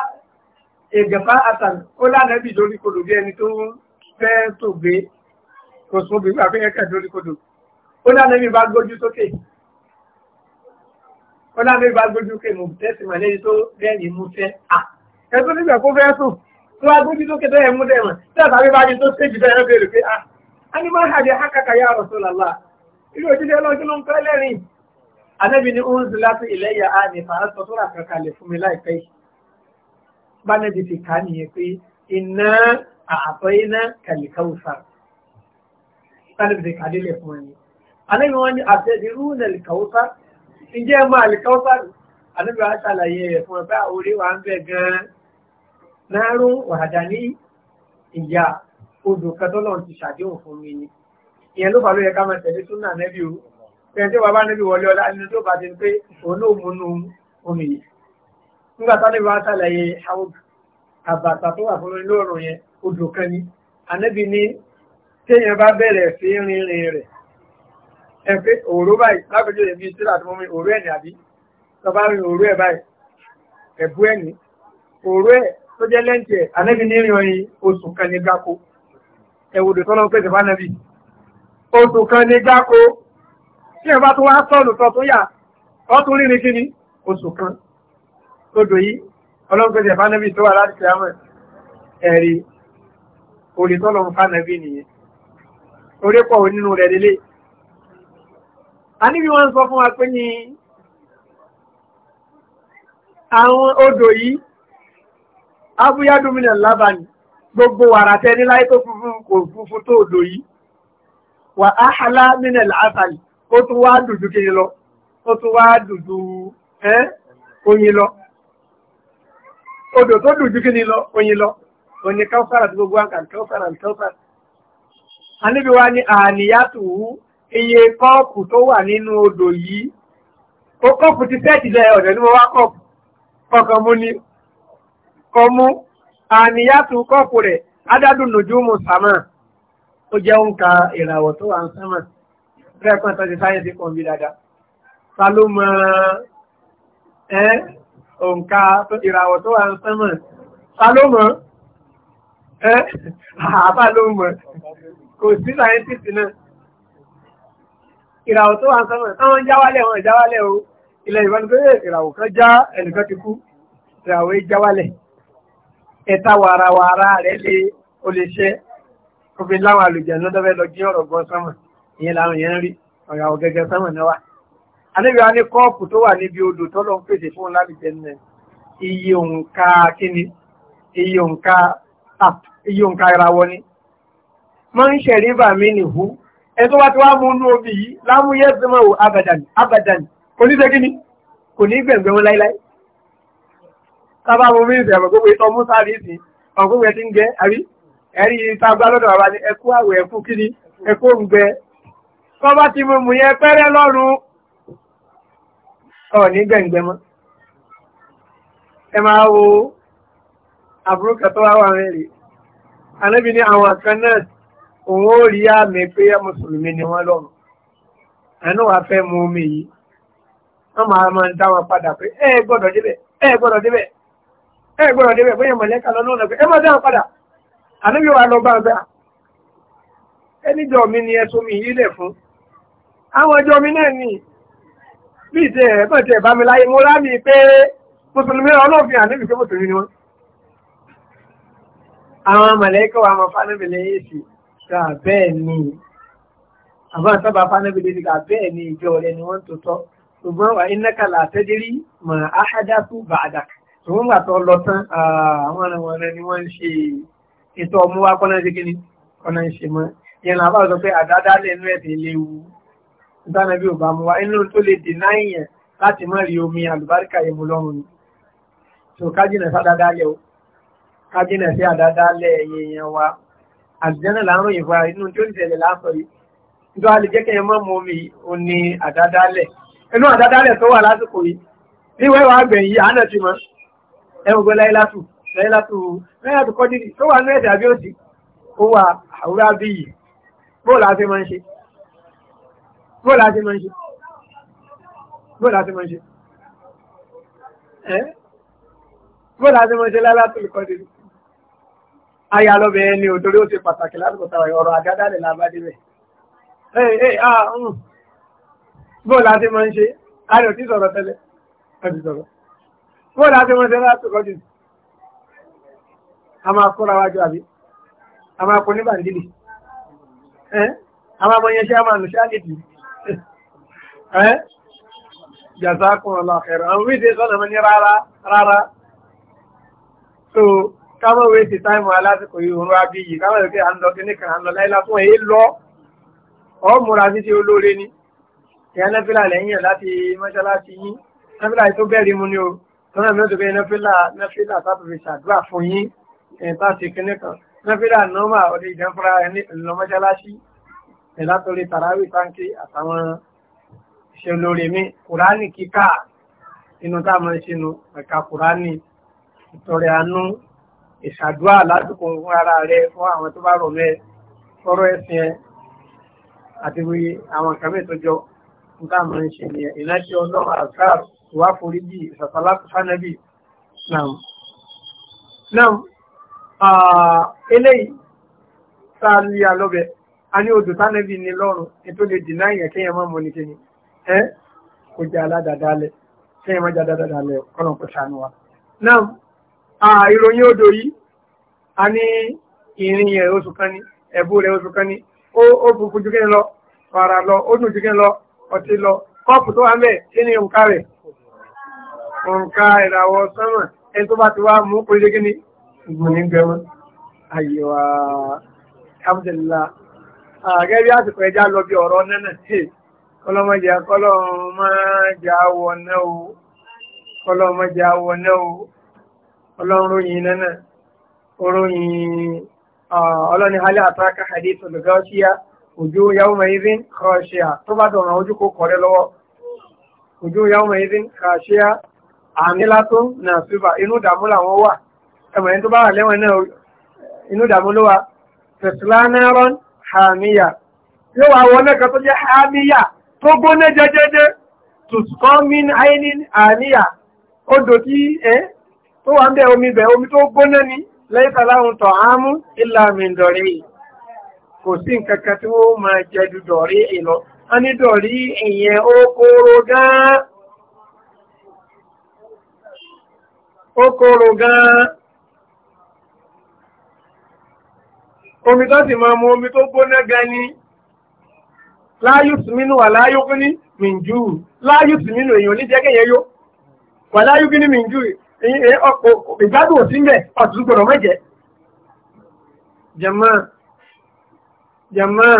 ègàfà àtàn ó lánàbì lórí kodò bí ẹni tó fẹ́ tó gbé kò sóbi gbà pé ẹ̀ka ó ní ànábì bá gbójú sókè ó ní ànábì bá gbójú sókè mo tẹ́sí mà lẹ́yìn tó rẹ́ẹ̀lì mú fẹ́ à ẹ tó nígbà kó fẹ́ sùn tó wá gbójú sókè tó yẹ mú dẹ̀ mọ̀ tí àtàbí bá di tó séjì bẹ́ẹ̀ náà béèrè pé à á ní máa hàdí hákàkà yá Rasulullah ilé òjijì ọlọ́run ló ń pẹ́ lẹ́rìn ànábì ní oun sì láti ilẹ̀ yà á ní fàá sọ tó rà kankalẹ̀ mi láìpẹ́ yìí bá nẹ́bi ti kà á nìyẹn pé iná àtọ́ iná kàlíkà òfà bá nẹ́bi ti kà á anábì wọn ni àtẹ̀dìrú nẹ̀lìkàwọ́sá ǹjẹ́ ẹ máa lìkàwọ́sá anábì wa ṣàlàyé rẹ̀ fún ọgbà orí wa ń bẹ̀ gan-an náírún wàdà ní ìyá odò kẹtọ́lọ̀ ti ṣàdéhùn fún mi ni ìyẹn ló fà ló yẹ ká máa tẹ̀lé súnà nẹ́bí o fẹ́ẹ́ tí bàbá nẹ́bí wọlé ọlá ẹni tó bá ti pé òun náà mú nu omi yìí nígbà táwọn ìwà ṣàlàyé àbàtà tó wà fún mi lóòrùn yẹn odò kan ni ànẹ́bí ni téèyàn bá bẹ̀rẹ̀ sí rìnrìn rẹ̀ ẹ̀fẹ́ òòró báyìí lápẹjọ èmi sílà tó mọ́mí òòró ẹ̀ ní àbí tọba rin òòró ẹ̀ báyìí ẹ̀bú ẹ̀ ní ẹ̀ tó jẹ́ lẹ́ǹtì ẹ̀ anẹ́bí ní ìrìn oṣù kan ní gbáko ẹ̀wòdò tọ́lọ́ pé tẹ̀fà osu oṣù kan ní gbáko tí tó wá sọ̀nù tọ́ ni oṣù kan tó orí àníbi wọ́n ń sọ fún wa pé ní àwọn odò yìí abúyádùmínà lábàní gbogbo wàrà tẹ́ ní láyé tó funfun kò funfun tó odò yìí wà áhàlá mínà láàtàlì ó tún wá dùdú kí ni lọ ó tún wá dùdú oyin lọ odò tó dùdú kí ni lọ oyin lọ oyin káwùsára tó gbogbo àǹkà káwùsára káwùsára àníbi wa ni àníyàtùwú iye kọ́ọ̀pù tó wà nínú odò yìí ó kọ́ọ̀pù ti sẹ́ẹ̀tì lẹ ọ̀dẹ̀ ní mo wá kọ́ọ̀pù kọ̀ọ̀kan mú ni kọ mú àníyàtú kọ́ọ̀pù rẹ̀ adádùn nùjúmù sàmà ó jẹ́ òǹkà ìràwọ̀ tó wà ń sánmà rẹ́pọ̀n tó ti sáyẹ́ǹsì kan bí dáadáa ta ló òǹkà ìràwọ̀ tó wà ń sánmà ta ló mọ kò sí sáyẹ́ǹsì náà ìràwọ̀ tó wà ń sọ́mọ̀ táwọn jáwálẹ̀ wọn jáwálẹ̀ o ilẹ̀ ìbánigbẹ́rẹ́ eh, ìràwọ̀ kan já ẹnìkan ti kú ìràwọ̀ jáwálẹ̀ ẹ̀ta wàràwàrà rẹ̀ lé o lè ṣẹ́ obìnrin láwọn àlùjẹ̀ lọ́dọ́fẹ́ lọ jí ọ̀rọ̀ gan sọ́mọ̀ ìyẹn làwọn yẹn ń rí ìràwọ̀ gẹ́gẹ́ sọ́mọ̀ náà wà. àníbi wa ní kọ́ọ̀pù tó wà níbi odò tọ́lọ́ ń pèsè fún lálùjẹ́ nẹ iye òǹkà kíni ẹ̀tọ́ wá ti wá mú inú obì yìí lámúyẹ́ zimọ̀ abadan abadan oníṣẹ́kí ni kò ní gbẹ̀ngbẹ̀ wọn láíláí sábà mú mílíọ̀nù ẹ̀rọ gbogbo ìtọ́ mú sáré sí ọ̀gbọ́n ẹ̀ ti ń gẹ́ àrí ẹ̀rí ìtagbá lọ́dọ̀ bàbá ni ẹkú àwẹ̀ ẹkú kí ni ẹkú òǹgbẹ tó bá ti mú mú yẹ pẹ́rẹ́ lọ́rùn ọ̀ ní gbẹ̀ngbẹ̀ mọ́ ẹ máa wo àbúrúkẹ́ tó wá wà rẹ̀ rè òun ó rí àmì pé mùsùlùmí ni wọ́n lọ́rùn àánú wa fẹ́ mu omi yìí wọ́n máa máa dá wọn padà pé ẹ gbọ́dọ̀ débẹ̀ ẹ gbọ́dọ̀ débẹ̀ ẹ gbọ́dọ̀ débẹ̀ bóyá mọ̀lẹ́ka lọ náà pé ẹ má dá wọn padà àníbi wa lọ bá ń bẹ́ à ẹníjọ mi ni ẹsùn mi yìí lẹ̀ fún àwọn ẹjọ́ mi náà nì bí ìtẹ̀ ẹ̀kọ́ ìtẹ̀ bá mi láyé mo rámi pé mùsùlùmí ọlọ́ọ̀fin àníbi pé mùsùlùmí ni wọ́n àwọn mọ̀lẹ́ka wa mọ̀ fánibìlẹ̀ yìí sí ká bẹ́ẹ̀ ni àbá sábà fánàbí lè ká bẹ́ẹ̀ ni ìjọ rẹ̀ ni wọ́n tó tọ́ ṣùgbọ́n wà iná kàlà àtẹ́dírí mà áhádá tó bàdà ṣùgbọ́n gbà tó lọ tán àwọn ọ̀rẹ́ wọn ni wọ́n ń ṣe ètò ọmọ wa kọ́nà ṣe kíni kọ́nà ń ṣe mọ́ ìyẹn làbá sọ pé àdáda lẹ́nu ẹ̀sìn léwu ìtànàbí ò bá mu wa inú tó lè dì náà yẹn láti má rí omi àlùbáríkà yẹn mu lọ́rùn ni so kájínà sí àdáda lẹ́ àdìjẹ́nà láàárọ̀ yìí fara inú tí ó ṣẹlẹ̀ láàpọ̀ yìí nítorí a lè jẹ́ kẹ́yẹ mọ́ mọ́ mi ò ní àdádálẹ̀ inú àdádálẹ̀ tó wà lásìkò yìí ní wẹ́wà àgbẹ̀ yìí àánà ti mọ́ ẹ̀wọ̀n gbé láìlátù láìlátù láìlátù kọ́dìrì tó wà ní ẹ̀dà bí ó sì ó wà àwúrà bí yìí bóòlù àti máa ń ṣe bóòlù àti máa ń ṣe bóòlù àti máa ń ṣe ẹ́ bóòlù àti máa ń ṣe láìlátù kọ́dìrì ayé alọ́bẹ̀ ẹ ní òdòrí ó ṣe pàtàkì lásìkò tàwà ọ̀rọ̀ àdádálẹ̀ làbádébẹ̀. Hmm. bó láti máa ń ṣe ayò tí sọ̀rọ̀ tẹ́lẹ̀ ọdún sọ̀rọ̀ bó láti máa ṣe lásìkò jù a máa kóra wájú àbí a máa kó ní bàndìlì a máa mọ yẹn ṣe a máa nù ṣáàlìtì jàzákùn ọlọ́kẹ̀rọ àwọn wíṣẹ́ sọ́nà mọ́ ní rárá rárá so kámọ́ wé ti táìmù alásìkò yìí òun rábí yìí kámọ́ wé kí à ń lọ kíní kan à ń lọ láìlá fún èyí lọ ọ títí olóore ni ìyá nẹ́fílà lẹ́yìn ẹ̀ láti mọ́ṣáláṣí yín nẹ́fílà tó bẹ́ẹ̀rí mu ni o tọ́nà mi ó ti pé nẹ́fílà nẹ́fílà tá fi ṣàdúrà fún yín ẹ̀ tá ti kíní kan nẹ́fílà nọ́mà ọdẹ ìjẹun mi kùránì kíkà inú táwọn ṣe nu ẹ̀ka kùránì ìtọ̀rẹ̀ ìṣàdúrà lásìkò fún ara rẹ fún àwọn tó bá rọ̀ mẹ́ sọ̀rọ̀ ẹ̀sìn ẹ àti wí àwọn nǹkan mẹ́tò jọ nǹkan àmọ́ ń ṣe nìyẹn ìrántí ọlọ́run àṣà ìwà foríjì ìṣàtàlá sánẹ́bì náà. náà eléyìí tá a lè alọ́bẹ̀ a ní odò sánẹ́bì ní lọ́rùn ètò lè dìnnà ìyẹn kéèyàn máa mọ nìkejì ẹ kò jẹ́ aládàá dálẹ̀ kéèyàn máa jẹ́ aládàá dálẹ̀ kọ́nà kò ṣàánú wa. náà ìròyìn odò yìí a ní ìrìn ẹ̀ oṣù kan ní ẹ̀bú rẹ̀ oṣù kan ní ó funfun jù kíni lọ fara lọ ó dùn jù kíni lọ ọtí lọ kọ́ọ̀pù tó wà ń bẹ̀ kí ni òǹkà rẹ̀ òǹkà ìràwọ̀ sánmà ẹni tó bá ti wá mú kó lé kíni ìgbò ní gbẹmọ àyèwà abdullah àgẹ́ bí àsìkò ẹja lọ bí ọ̀rọ̀ nẹ́nà kọlọ́mọjà o kọlọ́mọjà ọlọ́run yìí nánà oróyìn ọlọ́ni hálẹ́ àtàkà hadith olùgáṣíà ojú yawma idhin khashiya tó bá dọ̀nà ojú kò kọ̀rẹ́ lọ́wọ́ ojú yawma idhin khashiya àmìlá tó nà síbà inú dàmú làwọn wà ẹmọ̀ ẹni tó bá wà lẹ́wọ̀n náà inú dàmú ló wà tẹ̀sílánárán hàmíyà tó wà ń bẹ omi bẹ̀ omi tó gbóná ni lẹ́yìn aláhùn tọ̀ ámú ìlà mìndọ̀rí kò sí nǹkan kan tí wọ́n máa jẹ ju dọ̀rí ìlọ a ní dọ̀rí ìyẹn ó kóró gan-an ó omi tó sì máa mu omi tó gbóná gan ni láyùsù mínú wà láyùkú ní mìjú láyùsù mínú èèyàn oníjẹ́kẹ̀yẹ yó wà láyùkú ní mìjú ìgbádùn òsínbẹ̀ ọ̀tún gbọ́dọ̀ mẹ́jẹ̀ jẹ̀mọ́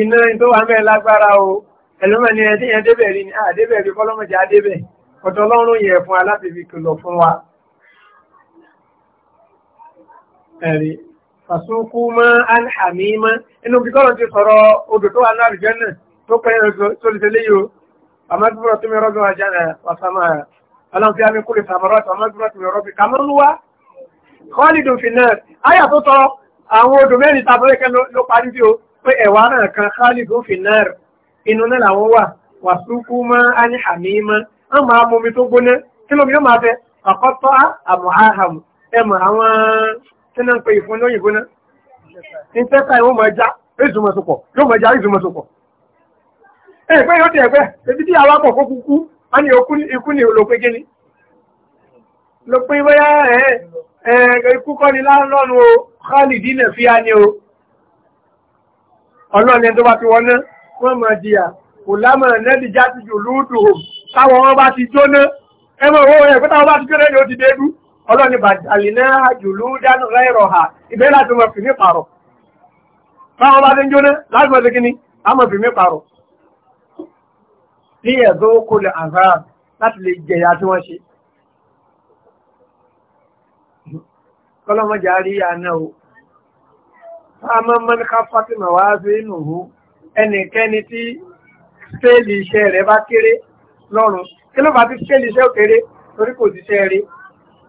iná tó wà mẹ́ lágbára o ẹlọ́mọ̀ ni ẹdí yẹn rí ni àdébẹ̀ rí kọ́lọ́mọ̀jẹ́ àdébẹ̀ ọ̀tọ̀ ọlọ́run yẹ fún aláfẹ́fi kìlọ̀ fún wa ẹ̀rí mọ́ alhàmí mọ́ inú bí kọ́lọ̀ ti sọ̀rọ̀ odò tó wà tó ọlọ́run fi àmì kúrò sàmọ́rọ́ tó ọmọdúnrún tó yọrọ bí kàmọ́lúwà kọ́lìdùn finance ayà tó tọ́ àwọn odò mẹ́rin tàbọ́lẹ́kẹ́ ló parí bí o pé ẹ̀wà náà kan kọ́lìdùn finance inú náà làwọn wà wà súnkú mọ́ ání àmì mọ́ wọ́n máa mú omi tó gbóná kí lómi yóò máa fẹ́ ọ̀kọ́tọ́ àmọ́ àhàmù ẹ mọ̀ àwọn tí náà ń pe ìfún lóyìnbó náà ìfẹ́ta ìwọ́n mọ̀ ẹja ìzùmọ̀sopọ̀ wọ́n ní ikú ni olóògbé gíní ló bóyá ẹ̀ ikú kọ́ ni láàrínlọ́nu o khalidina fi á ní o ọlọ́ni tó bá ti wọ́n náà wọ́n mọ̀ jìyà kò lámọ̀ nẹ́bí já ti jù lúdù o táwọn wọn bá ti jóná ẹmọ owó ẹ̀ pẹ́ta wọn bá ti jóná ni ó ti dé dú ọlọ́ni bàjàlínà jù lú dánù ní ẹ̀zọ́ ó kò lè àzára láti lè jẹ̀yà tí wọ́n ṣe. Kọ́lọ́mọ́jà rí àná o. Fáàmọ́ mọ́níká Fátímà wá sí inú hù ẹnikẹ́ni tí stéèlì iṣẹ́ rẹ̀ bá kéré lọ́rùn. Kí ló bá ti stéèlì iṣẹ́ ò torí kò ti ṣẹ́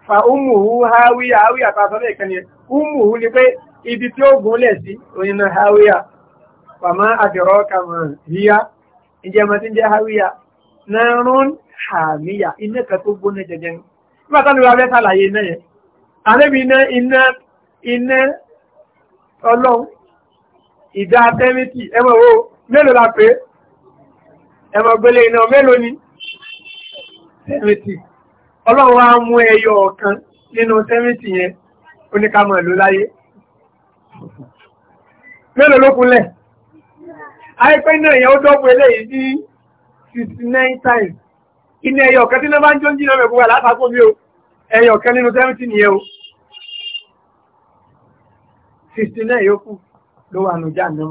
Fa umuhu hawiya hawiya ta sọ́lẹ̀ ìkẹ́ni. Umuhu ni pé ibi tí ó gúnlẹ̀ sí oyin náà hawiya ǹjẹ́ ọmọ tí ń jẹ́ hawiya narun hamiya iná kan tó gbóná jẹjẹ ní nígbà tó ní wàá fẹ́ sàlàyé iná yẹn àlébi iná iná iná ọlọ́run ìdá tẹ́mítì ẹmọ owó mélòó la pé ẹmọ gbélé iná mélòó ni tẹ́mítì ọlọ́run wa mú ẹyọ ọ̀kan nínú tẹ́mítì yẹn oníkàmọ̀ ìlú láyé mélòó ló kúnlẹ̀ àìpẹ́ náà yẹn ó dọ́gbò eléyìí ní 69 times iná ẹyọ kan tí náà bá ń jó ń jìnà mẹ́kúwà látàkó bí o ẹyọ kan nínú 70 nìyẹn o 69 yókù ló wà nùjá náà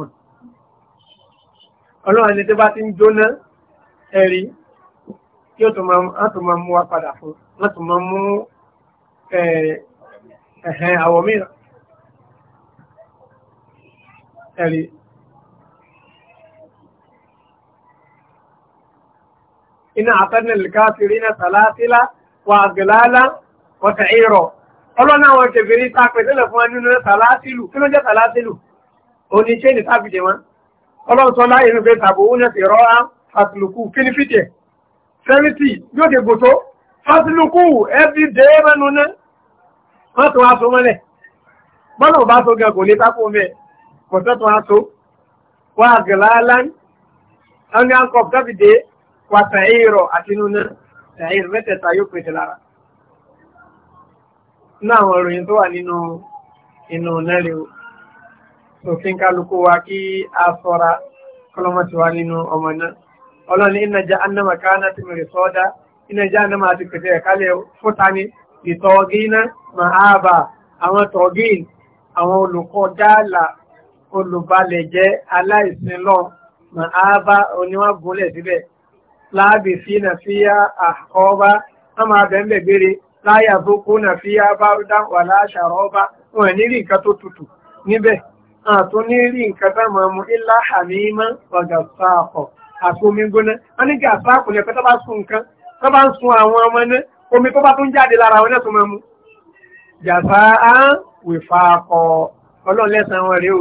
ọlọ́run ẹni tí bá ti ń jóná ẹ̀rí tí ó tún máa mú wa padà fún wọ́n tún máa mú ẹ̀hẹ̀n àwọ̀ mìíràn ẹ̀rí iná àtẹ́nà lìkáàtìrí iná sàlátìlá wà àgbèlálá wọ̀tẹ̀ ìrọ̀ ọlọ́nà àwọn kèfèrí tàpẹ̀tẹ́lẹ̀ fún ẹni nínú sàlátìlù kí ló jẹ́ sàlátìlù òní ṣe ní sábìdì wọn ọlọ́run sọ láyé ní pé tàbí òun náà ti rọ́ á fàtìlùkù kí ní fìtẹ̀ sẹ́rìtì yóò dé gbòtó fàtìlùkù ẹbí dé mẹ́nu náà wọ́n wa sàìrọ̀ àti nuna sàìrọ̀ mẹ́tẹ̀ẹ̀ta yóò pèsè lára ní àwọn ìròyìn tó wà nínú inú nẹ́rẹ̀ o òfin kálukú wa kí a sọ́ra kọlọmọtì wa nínú ọmọ náà ọlọ́ni iná jẹ́ annama káánà ti mẹ́rẹ̀ sọ́dá iná jẹ́ annama àti pèsè ẹ̀kálẹ̀ fúta ni ìtọ́gínà màábà àwọn tọ́gín àwọn olùkọ́ dáàlà olùbalẹ̀ jẹ́ aláìsìn lọ màábà oníwàgúnlẹ̀ síbẹ̀ láàbì sí nàfíà àkọ́ọ́bá wọ́n máa bẹ̀m̀bẹ̀ gbére láyà tó kó nàfíà bárúdá wà láṣàrọ́ọ́bá wọ́n ní rí nǹkan tó tutù níbẹ̀ àtún ní rí nǹkan tá máa mú ilá àmìímọ́ ọ̀gà sáàpọ̀ àti omi gbóná wọ́n ní gà sáàpù lẹ́pẹ́ tó bá sun nǹkan tó bá ń sun àwọn ọmọ náà omi tó bá tún jáde lára wọn náà tó máa á wèfà kọ ọlọ́run lẹ́sàn-án wọn rèé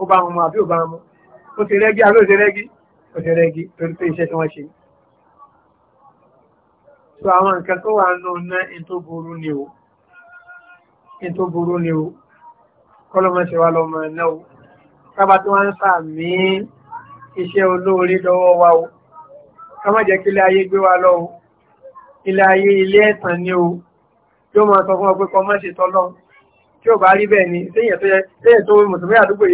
o bá wọn mú àbí ò bá wọn mú ó ti rẹ́gí àbí ò ti rẹ́gí ó ti rẹ́gí torí pé iṣẹ́ tí wọ́n ṣe ni so àwọn nǹkan tó wà nù ná in tó burú ni o in tó burú ni o kọ́lọ́mọ ṣe wá lọ́mọ náà o kábà tó wá ń sàmì iṣẹ́ olóore lọ́wọ́ wa o ká má jẹ́ kí ilé gbé wa lọ o ilé ẹ̀tàn ni o yóò máa sọ fún ọ pé kọ́ má ṣe tọ́lọ́ tí ò bá rí bẹ́ẹ̀ ni séyìn tó yẹ séyìn tó mùsùlùmí àdúgbò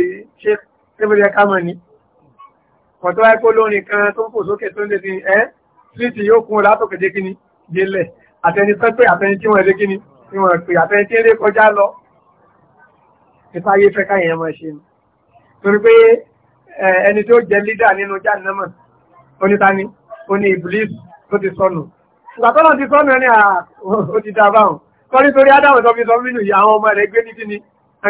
lórin kan tó ń fò sókè tó ń lè fi ẹ́ síìtì yóò kún látòkèdè kíní délẹ̀ àtẹni sẹ́pẹ́ àtẹni tí wọ́n ẹ̀dẹ́ kíni tí wọ́n pè àtẹni tí eré kọjá lọ ìfáyé fẹ́ káyẹ̀ máa ṣe ni torí pé ẹni tó jẹ lídà nínú jàǹdàmọ̀ onítàní oní iblis tó ti sọnù ìgbà tó náà ti sọnù ẹni ó ti dáa báwọn kọ́rí torí ádámù tó fi sọ nínú ìyá àwọn ọmọ rẹ̀ gbé ní kíni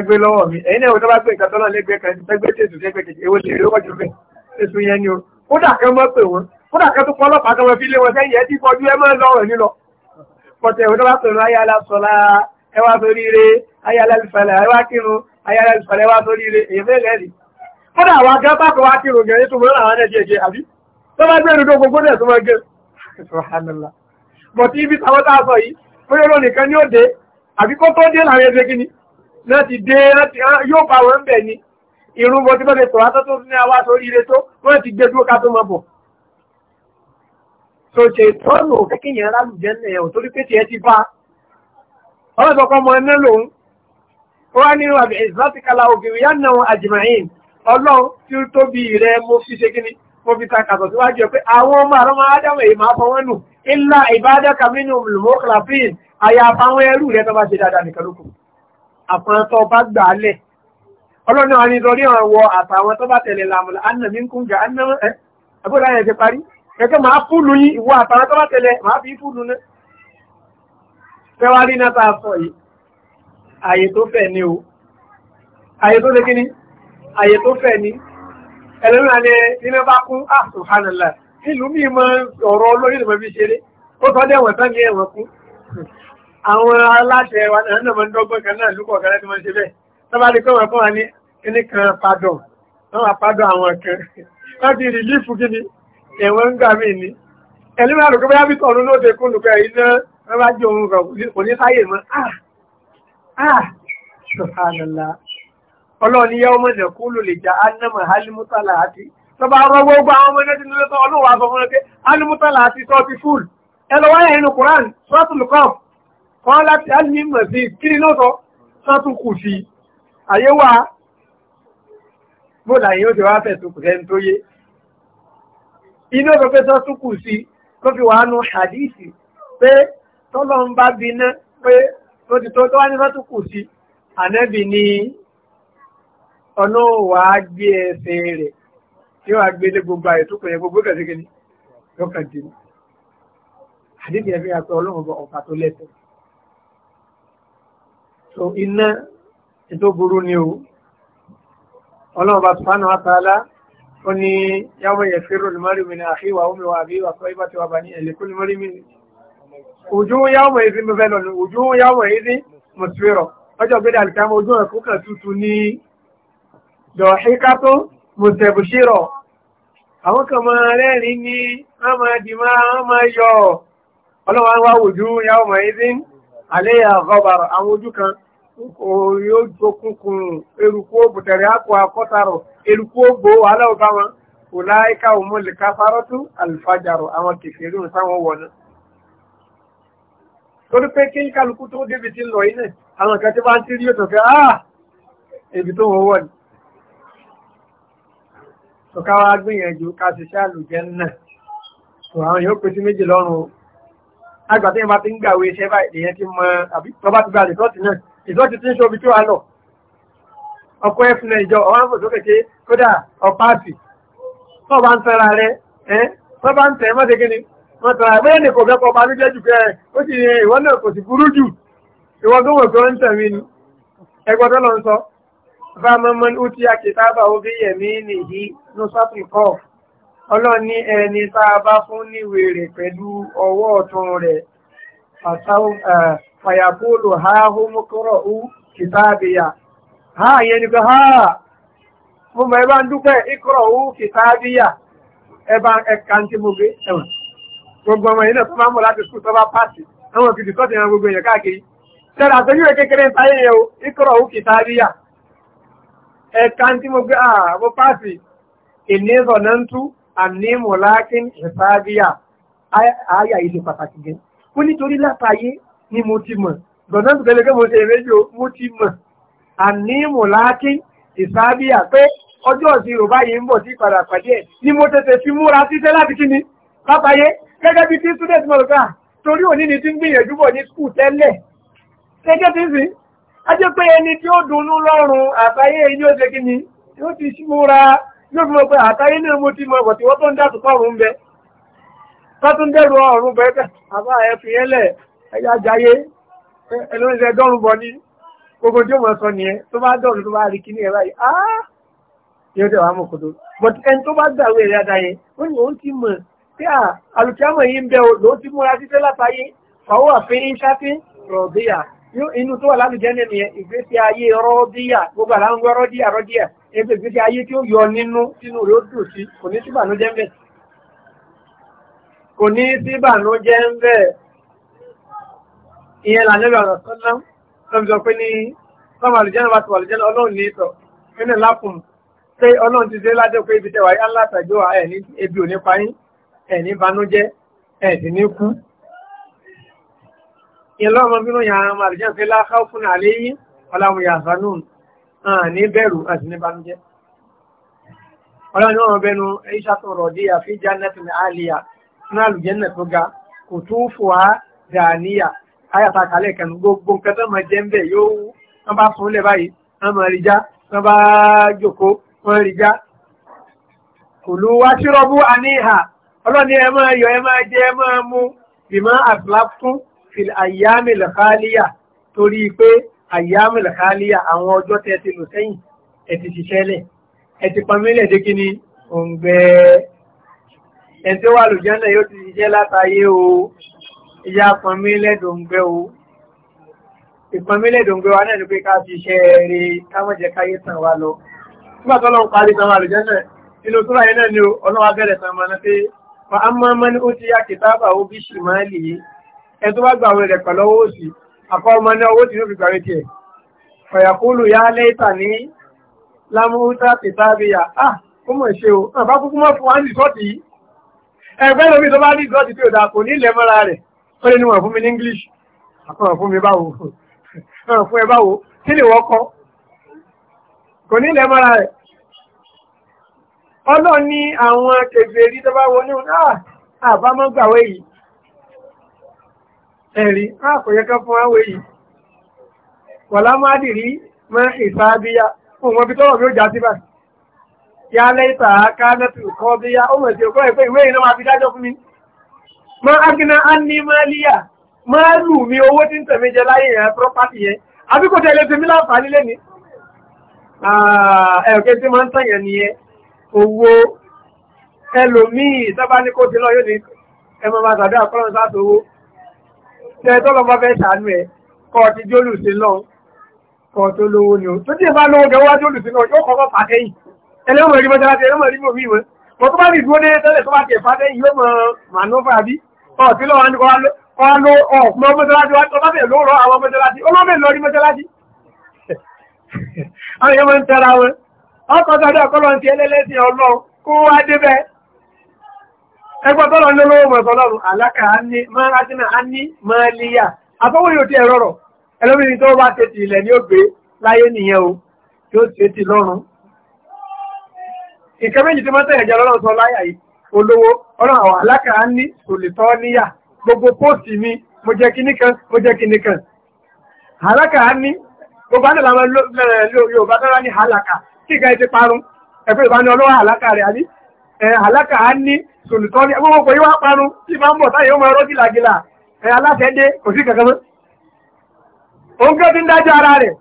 gbé lọ́wọ́ mi ẹ̀yin náà tó bá gbé ìkàtọ́ náà lẹ́gbẹ̀ẹ́ kan ti fẹ́ gbé tètù lẹ́gbẹ̀ẹ́ kejì èwo lè rí ó kọjú bẹ́ẹ̀ tètù yẹn ni ó kódà kan mọ́ pé wọ́n kódà kẹ́ tó kọ́ ọlọ́pàá kan wọ́n fi lé wọn sẹ́yìn ẹtí kọjú ẹ máa ń lọ́rọ̀ ní lọ. pọ̀tẹ̀ ìwé tó bá pẹ̀lú ayala sọ̀la ẹ wá sórí ire ayala ìfẹ̀lẹ̀ ẹ wá kírun ayala ìfẹ̀lẹ̀ ẹ wá sórí ire èyí fẹ́ lẹ́rìí. kódà àwọn agábá kan wá kírun gẹ̀rẹ́ tó mọ́ àwọn ẹ̀jẹ̀ ẹ̀jẹ̀ àbí tó bá gbé ìrúdó gbogbo dẹ̀ tó máa gé. bọ̀tí ibi táwọn tá a sọ yìí bóyá ló nìkan ni ó dé àbí kó tó dé láàrin ẹgbẹ́ kíni náà ti dé ah, yóò bá wọn bẹ̀ ni irun bọ́tí bọ́tí tòwátọ́ tó ní àwa sórí ire tó wọ́n ti gbé dúró ká tó máa bọ̀ tó ṣe tọ́nù òfin kí yẹn rálù jẹ́ nẹ̀ ọ̀ torí pé tiẹ̀ ti bá ọlọ́dọ̀kọ́ mọ ẹni lòun ó wá nínú àbí ìsìlátìkàlà obìnrin yá náà àjìmáyìn ọlọ́run tí ó tóbi rẹ mo fi ṣe kíni mo fi ta kàtọ̀ síwájú ẹ pé àwọn ọmọ àrọ́mọ ádámọ̀ èyí máa fọwọ́n nù ilá ìbádọ́ka mínú mùlùmọ́kìláfíìn àyàfà àwọn ẹrú rẹ tó bá ṣe dáadáa nìkan lóko àpọn tó bá gbà á lẹ̀ ọlọ́run náà nítorí àwọn àtàwọn tó bá tẹ̀lé làmùlà ánàmí ń kún jà ẹ àbúrò láyẹ̀ ti parí kẹ̀kẹ́ máa fúlù yí ìwọ àtàrà tó bá tẹ̀lẹ̀ máa fi fúlù náà fẹ́wàá rí náà tàà sọ yìí ààyè tó fẹ̀ ni o ààyè tó lékíní ààyè tó fẹ̀ ni ẹlẹ́rìnà ni nínú bá kún àtùhánàlá ah, ìlú mi mọ ọ̀rọ̀ olóyìn mọ̀ fi ṣeré ó tọ́ dẹ̀wọ̀n tán ní ẹ̀wọ̀n kú àwọn aláṣẹ wa fún wa ní kíní kan wọ́n wà padọ̀ àwọn kan láti rìlífù kíní ẹ̀wọ̀n ń gbà mí ni ẹ̀lẹ́mì àdùkú bẹ́yà bí tọ̀run ló dé kún lùkẹ́ iná wọ́n bá jẹ́ ohun rẹ̀ kò ní sáyè mọ́ ṣùhánàlá ọlọ́ọ̀ni yẹ́ ọmọ ìjẹ̀kú ló lè jà ánàmà halimutala àti tọba ọmọ gbogbo àwọn ọmọ ẹ̀dẹ́dẹ́ lọ́tọ́ ọlọ́wà sọ fún ẹgbẹ́ halimutala àti tọ́tí fúl ẹlọ́wáyà inú Quran sọ́tùlùkọ́m ilé òfẹ́fẹ́ tó tún kù sí tó fi wà nù hadisi pé tọ́lọ́ ń bá biná pé tó ti tó tó wá ní tọ́tún kù sí ànẹ́bì ni ọ̀nà wà á gbé ẹsẹ̀ rẹ̀ tí ó wà gbé lé gbogbo àyè tó kọ̀yẹ gbogbo kẹsẹ̀ kìíní lọ́kàn dì ní ẹ̀fẹ́ yà pé ọlọ́run ọ̀pá tó lẹ́sẹ̀ so iná ètò burú ni o ọlọ́run bá tún fánà wá tààlà ó ní yàwó yẹ fẹ́rọ lùmọ́rí mi náà àhíwà omi wa àbí wà sọ́yí bá ti wà bá ní ẹ̀lẹ́kú lùmọ́rí mi ojú yàwó yẹ sí mo fẹ́ lọ ní ojú yàwó yẹ sí mo ti fẹ́rọ ọjọ́ gbé dàlùkà mọ ojú ẹ̀kú kan tuntun ní dọ̀ọ̀ṣíká tó àwọn kan máa rẹ́rìn ní wọ́n máa dì yọ ọlọ́wọ́n wá ojú yàwó yẹ àléyà gọ́bàrọ̀ àwọn ojú kan orí ó dokunkun eruku òbùtẹ̀rẹ̀ àpò akọ́tàrọ̀ eruku ògbó wàhálà ọba wọn kò láìka òmùlẹ̀ káfárọ́tù àlùfájàrọ̀ àwọn kèfèrí ń sáwọn wọ̀nà. torí pé kí kálukú tó débi ti lọ iná àwọn kan tí bá ń tí rí ètò fẹ́ áà èbí tó wọ́n wọ̀ ni. tọ́ka wa gbìyànjú ká ṣiṣẹ́ àlùjẹ́ náà tó àwọn yóò pèsè méjì lọ́rùn o. àgbà tí wọ́n bá ti ń gbàwé iṣẹ́ báyìí ìdọ̀tí tí ń ṣobi tí wà lọ ọkọ̀ ẹ̀fúnlẹ̀ ìjọ ọwọ́n àpò tó kódà ọ̀páàpì tó ń tẹ́ra rẹ ẹ́ tó ń tẹ́ mọ́ tẹ́kí ni wọ́n tẹ́ra rẹ bóyá nìkan fẹ́ kọ́ ọba lójẹ́ jù pé ó sì yẹ ìwọ náà kò sì burú jù ìwọ tó wọ̀ pé ó ń ni ẹgbọ́n tó lọ ń sọ bá mọ́mọ́ ó ẹni tá fún níwèé pẹ̀lú ọwọ́ ọ̀tún rẹ̀ fayakulu hahum qra'u kitabiya ha yẹn ni pé ha mo mọ̀ ẹ bá ń dúpẹ́ iqra'u kitabiya ẹ bá ẹ̀ka tí mo gbé gbogbo ọmọ yìí náà tó máa ń bọ̀ láti sùkúl tó pàṣẹ kọ́ ti gbogbo èèyàn káàkiri tẹ́lẹ̀ àtọ́jú kékeré ń táyé yẹ o iqra'u kitabiya ẹ̀ka tí mo gbé mo pàṣẹ yìí ṣe pàtàkì gẹ́ Ni mo ti mọ̀ gbọ̀dọ̀ tó tẹ́lẹ̀ kí mo ṣe rédíò mo ti mọ̀ àníìmù láti ìsábíà pé ọjọ́ ìṣirò báyìí ń bọ̀ sí padà pàdé ẹ̀ ni mo tètè fi múra síṣẹ́ láti kí ni lápáyé gẹ́gẹ́ bí tí student mọ̀lùkà ah, torí òní ni ti ń gbìyànjú bọ̀ ní skul tẹ́lẹ̀ gẹ́gẹ́ tí sì á jẹ́ pé ẹni tí ó dunnú lọ́rùn àtayé yóò ṣe kí ni yóò ti múra yóò fi mọ̀ pé àtayé náà mo ti mọ̀ bọ̀ tí wọ́n tó ń dàtú kọ́rùn bẹ tó tún dẹ̀rù bẹ́ẹ̀ ẹjá jayé ẹlọ́rìnṣẹ́ dọ́rùn bọ̀ ní gbogbo tí ó mọ̀ sọ nìyẹn tó bá dọ̀rùn tó bá rí kí ní ẹ̀rọ yìí áá yóò tẹ̀wá mọ̀ kòtò but ẹni tó bá gbàwé ẹ̀yà dayé ó ní òun ti mọ̀ pé à àlùkíámọ̀ yìí ń bẹ o lòó ti múra títẹ́ látàyé fàwọ́ àfihàn ṣáfí rọ̀bíyà inú tó wà lálùjẹ́ nìyẹn ìgbésí ayé rọ́bíyà gbogbo àlágbọ́ rọ́díyà rọ́díyà ẹgbẹ́ ìgbésí ayé tí ó yọ nínú sínú rẹ̀ ó dùn sí kò ní síbànújẹ́ ń bẹ̀ kò ní síbànújẹ́ ń bẹ̀ ìyẹn lànẹ́bẹ̀ ọ̀rọ̀ sọ́lá lọ́bìsọ pé ní sọ́mà àlùjẹ́nà bá ti wà àlùjẹ́nà ọlọ́run ní ìtọ̀ nínú lápùn pé ọlọ́run ti dé ládé pé ibi tẹwàá yá látàjọ ẹ̀ní ebi ò ní payín ẹ̀ní banújẹ́ ẹ̀sìn ní kú. ìyẹn lọ́mọ bínú yà á máa àlùjẹ́nà pé láhá fún àlẹ́ yìí ọláhùn yà sánú ní bẹ̀rù àti ní banújẹ́. ọlọ́run ní wọn bẹnu ayàtà kalẹ̀ kẹnu gbogbo nǹkan tó mọ̀ jẹ́ ń bẹ̀ yóò wọ́n bá fún lẹ̀ báyìí wọ́n mọ̀ rí já wọ́n bá jòkó wọ́n rí já. kulu washrabu àníhà ọlọ́ni ẹ máa yọ ẹ máa jẹ ẹ máa mú bima aslaftum fil ayyamil khaliya torí pé ayyamil khaliya àwọn ọjọ́ tẹ ti lò sẹ́yìn ẹ ti ṣiṣẹ́ lẹ̀ ẹ ti pamílẹ̀ dé kí ni òǹgbẹ́ ẹ̀ tí yóò ti ṣiṣẹ́ látàyé o ìyá pọ̀nmí lẹ́dùngbẹ́ o ìpọ̀nmí lẹ́dùngbẹ́ wa náà ní pé ká fi ṣe eré kámọ̀jẹ́ káyé tàn wá lọ nígbà tó lọ́n parí tàn wá lò jẹ́sẹ̀ inú tó ráyé náà ni ọlọ́wà bẹ̀rẹ̀ tàn máa ná pé fa amámá ni ó ti yá kìtàbà ó bí ṣì máa lè ẹ tó bá gbà wẹ̀ rẹ̀ pẹ̀lú owó òsì àkọ́ ọmọ ah ó mọ̀ ṣe o àbá kúkú mọ́ fún wa ní ìsọ́tì yìí lómi tó bá ní ìsọ́tì tí ò dà kò ní ilẹ̀ mọ́ra rẹ̀ ó lè ní wọn fún mi ní English àkọ́rọ̀ fún mi báwo ọ̀rọ̀ fún ẹ báwo kí lè wọ́kọ́ kò ní ilẹ̀ mọ́ra rẹ̀ ọlọ́ọ̀ ní àwọn kèfèrí tó bá wọlé wọn àbámọ́ ah, gbàwé yìí ẹ̀rí àkòyẹ́kẹ́ ah, fún àwẹ̀ yìí wọ̀lá má dìrí mọ́ ìsáàbíyá fún wọn bí tọ́wọ̀ bí ó já sí bá yálẹ́ ìtàkánẹ́tù kọ́ bíyá ó mọ̀ sí ọkọ̀ ẹ̀fẹ́ ìwé ìnáwó àfidájọ́ fún mi ma agina animalia máa lù mí owó tí ń tẹ̀mí jẹ láyé yẹn property yẹn àbí kò tẹ̀lé tèmi láǹfààní lẹ́ni ẹ̀ọ̀kẹ́ tí máa ń tàyàn nìyẹn owó ẹlòmíì sábà ní kó ti lọ yóò ní ẹmọ máa sàdé àkọ́lọ́n sáàtò owó tẹ tọ́lọ bá fẹ́ sàánú ẹ kọ́ ti jólù sí lọ́n kọ́ tó lówó ni ó tó tí ẹ bá lówó gẹ̀ wá jólù sí náà yóò kọ́kọ́ fàtẹ́yìn ẹlẹ́mọ̀ rí mọ́tẹ́lá ele ẹlẹ́mọ̀ rí mọ́ bí wọn mọ́ tó bá rí dúró dé tẹ́lẹ̀ tó bá ti ẹ̀fàtẹ́yìn yóò mọ̀ mànúfà bí ọ̀tí lọ́wọ́ ní kọ́ ló ọ̀pọ̀ mọ́sálásí wá tọ́ láti lóòrọ̀ àwọn mọ́sálásí olóòmẹ́ lọ rí mọ́sálásí àwọn èèyàn máa ń tẹ́ra wọn ọkọ̀tọ̀dọ̀ ọkọ̀lọ́ ti ẹlẹ́lẹ́sìn ọlọ́ kó wá débẹ̀ ẹgbẹ́ tọ́lọ ní olówó mọ̀sọ̀lọ́rùn alákà olówó ọlọ́run àwọn alákàá ní tòlítọ́ níyà gbogbo póòtì mi mo jẹ́ kíní kan mo jẹ́ kíní kan alákàá ní gbogbo àdàlà àwọn Yorùbá dára ní àlàkà tí ìka ẹ ti parun ẹ̀fẹ́ Yorùbá ní ọlọ́wọ́ àlàkà rẹ̀ àbí àlàkà ní tòlítọ́ ní gbogbo pé wá parun tí máa ń bọ̀ táyé ó máa rọ́ gílagíla aláṣẹ dé kò sí kankan mọ́ òun ti ń dájọ́ ara rẹ̀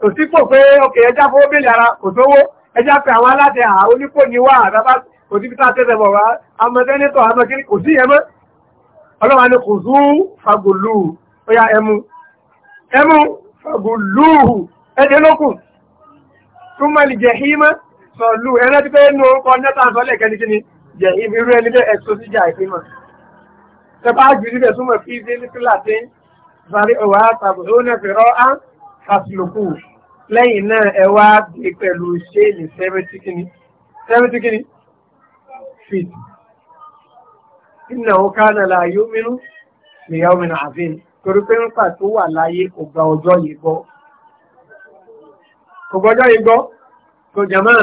kò sí pò pé ọkẹ̀ ẹjá fowó bèèlì ara kò tówó ẹjá pé àwọn aláṣẹ àwọn onípò ní wà àbábá kò sí pítà tẹ́tẹ̀ bọ̀ wá amọ̀tẹ́nítọ̀ amọ̀kiri kò sí ẹmọ́ ọlọ́wà ni kò sú fagolú ó yá ẹmu ẹmu fagolú ẹdẹ lókùn tún mọ̀ ní jẹ̀hímọ́ sọ̀lú ẹ̀rẹ́ ti pé nù orúkọ nẹ́ta sọ́lẹ̀ kẹ́nikẹ́ni jẹ̀hím irú ẹni bẹ́ ẹ̀sọ́ sí jà ìpínmọ̀ tẹpá jù níbẹ̀ súnmọ̀ fi dé ní feet innahu kana la yu'minu bi yawmin azim torí pé nípa tó wà láyé kò gba ọjọ́ yìí gbọ́ kò gbọ́jọ́ yìí gbọ́ kò jàmá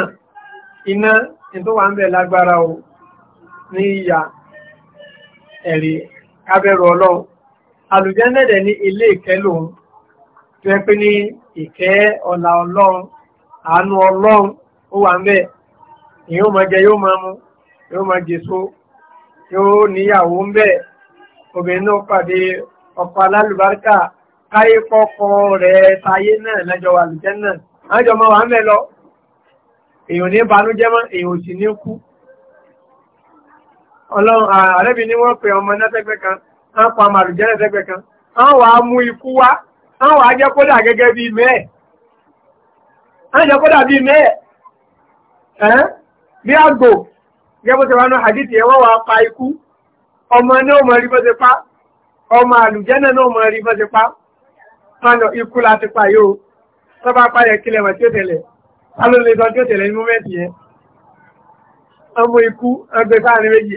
iná o ní àánú ọlọ́run ó wà ń bẹ èyí máa jẹ yóò mu yóò máa jésó yóò níyàwó ń bẹ̀ obìnrin náà pàdé ọkọ alálùbáríkà káyé kọ́kọ́ rẹ̀ táyé náà lájọ wà lùjẹ́ náà lájọ máa wà ń bẹ̀ lọ èèyàn ní banújẹ́ mọ́ èèyàn sì ní kú ọlọ́run àrẹ́bí ni wọ́n pe ọmọ náà sẹ́gbẹ́ kan wọ́n pa ọmọ àlùjẹ́ náà sẹ́gbẹ́ kan wọ́n wàá mú ikú wá wọ́n wàá jẹ́ kódà gẹ́gẹ́ bíi mẹ́ẹ̀ wọ́n jẹ́ kódà bíi mẹ́ẹ̀ bí àgbò gẹ́gbọ́ ti wá ẹwọ́ wa pa ikú ọmọ náà mọ̀ rí bọ́sẹ̀ pa ọmọ àlùjẹ́nà náà mọ̀ rí bọ́sẹ̀ pa pánà ikú láti pa yóò tó bá páyẹ kílẹ̀ mọ̀ tí ó tẹ̀lẹ̀ alóòlẹ̀ sọ tí ó tẹ̀lẹ̀ ní mọ́mẹ́ntì yẹn ọmọ ikú ẹgbẹ́ sáàrin méjì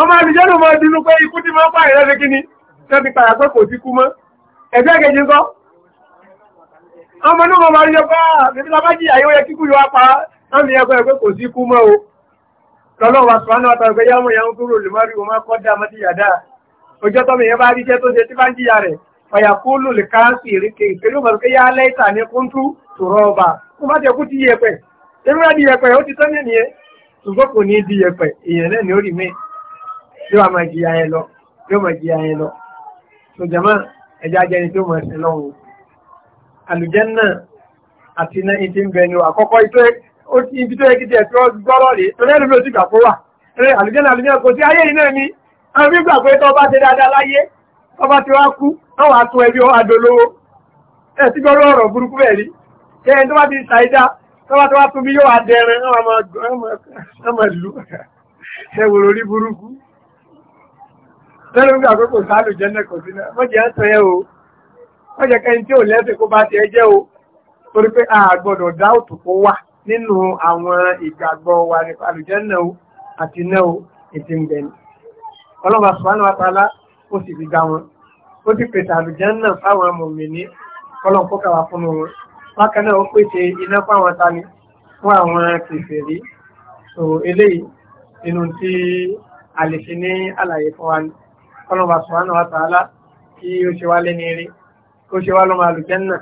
ọmọ àdìjẹ́nù máa dínú pé ikú tí máa pààrẹ lọ́dún kí ni tó ti pààrà pé kò sí kú mọ́ ẹgbẹ́ kejì ń kọ́ ọmọ náà máa ríjọ pé àbíbí ah, lábá jí àyíwọ́ yẹ kíkú yóò pa láti yẹ pé kò sí kú mọ́ o lọ́lọ́wà sùpánà àtàgbẹ́ yàmù yàmù kúrò lè mọ́rí o máa kọ́ dá mọ́ ti yàdá ọjọ́ tọ́mọ yẹn bá rí jẹ́ yóò máa jìyà yẹn lọ yóò máa jìyà yẹn lọ so jama ẹja jẹni tó máa ṣe lọ́wọ́ àlùjẹ́nà àti iná ìdí ń bẹnu àkọ́kọ́ ibi tó yẹ kí tiẹ̀ tó gbọ́rọ̀ rè tó lẹ́nu ló ti gbà kó wà àlùjẹ́nà àlùjẹ́nà kò sí ayé yìí náà ni àwọn bí gbà pé tó bá ṣe dáadáa láyé tó bá ti wá kú náà wàá tún ẹbí adolówó ẹ ti gbọ́rọ̀ ọ̀rọ̀ burúkú bẹ́ẹ̀ rí kẹ́yìn tó bá ti ṣàìdá tó tó wá tún bí yóò adẹrin ọmọ ìlú ẹwòrò orí burúkú lọ́rọ̀ gbà pé kò sáàlù jẹ́ nẹ́kọ̀ọ́ sí náà wọ́n jẹ́ ń sọ yẹ́ o wọ́n jẹ́ kẹ́yìn a gbọ́dọ̀ dá òtù kó wà nínú àwọn ìgbàgbọ́ wa ní àlùjànnà o àti iná o ètí ń bẹ ni ọlọ́mà sùpánù àtàlá ó sì fi dá wọn ó sì pèsè àlùjànnà fáwọn mùmínì kọ́lọ́n kó kàwá fún wọn bákan ó pèsè iná fáwọn tani fún àwọn so eléyìí inú tí a lè ọlọ́ba sùnwánà wa tààlà kí ó ṣe wá lẹ́ni eré kó ṣe wá lọ́mọ àlùjẹ́nà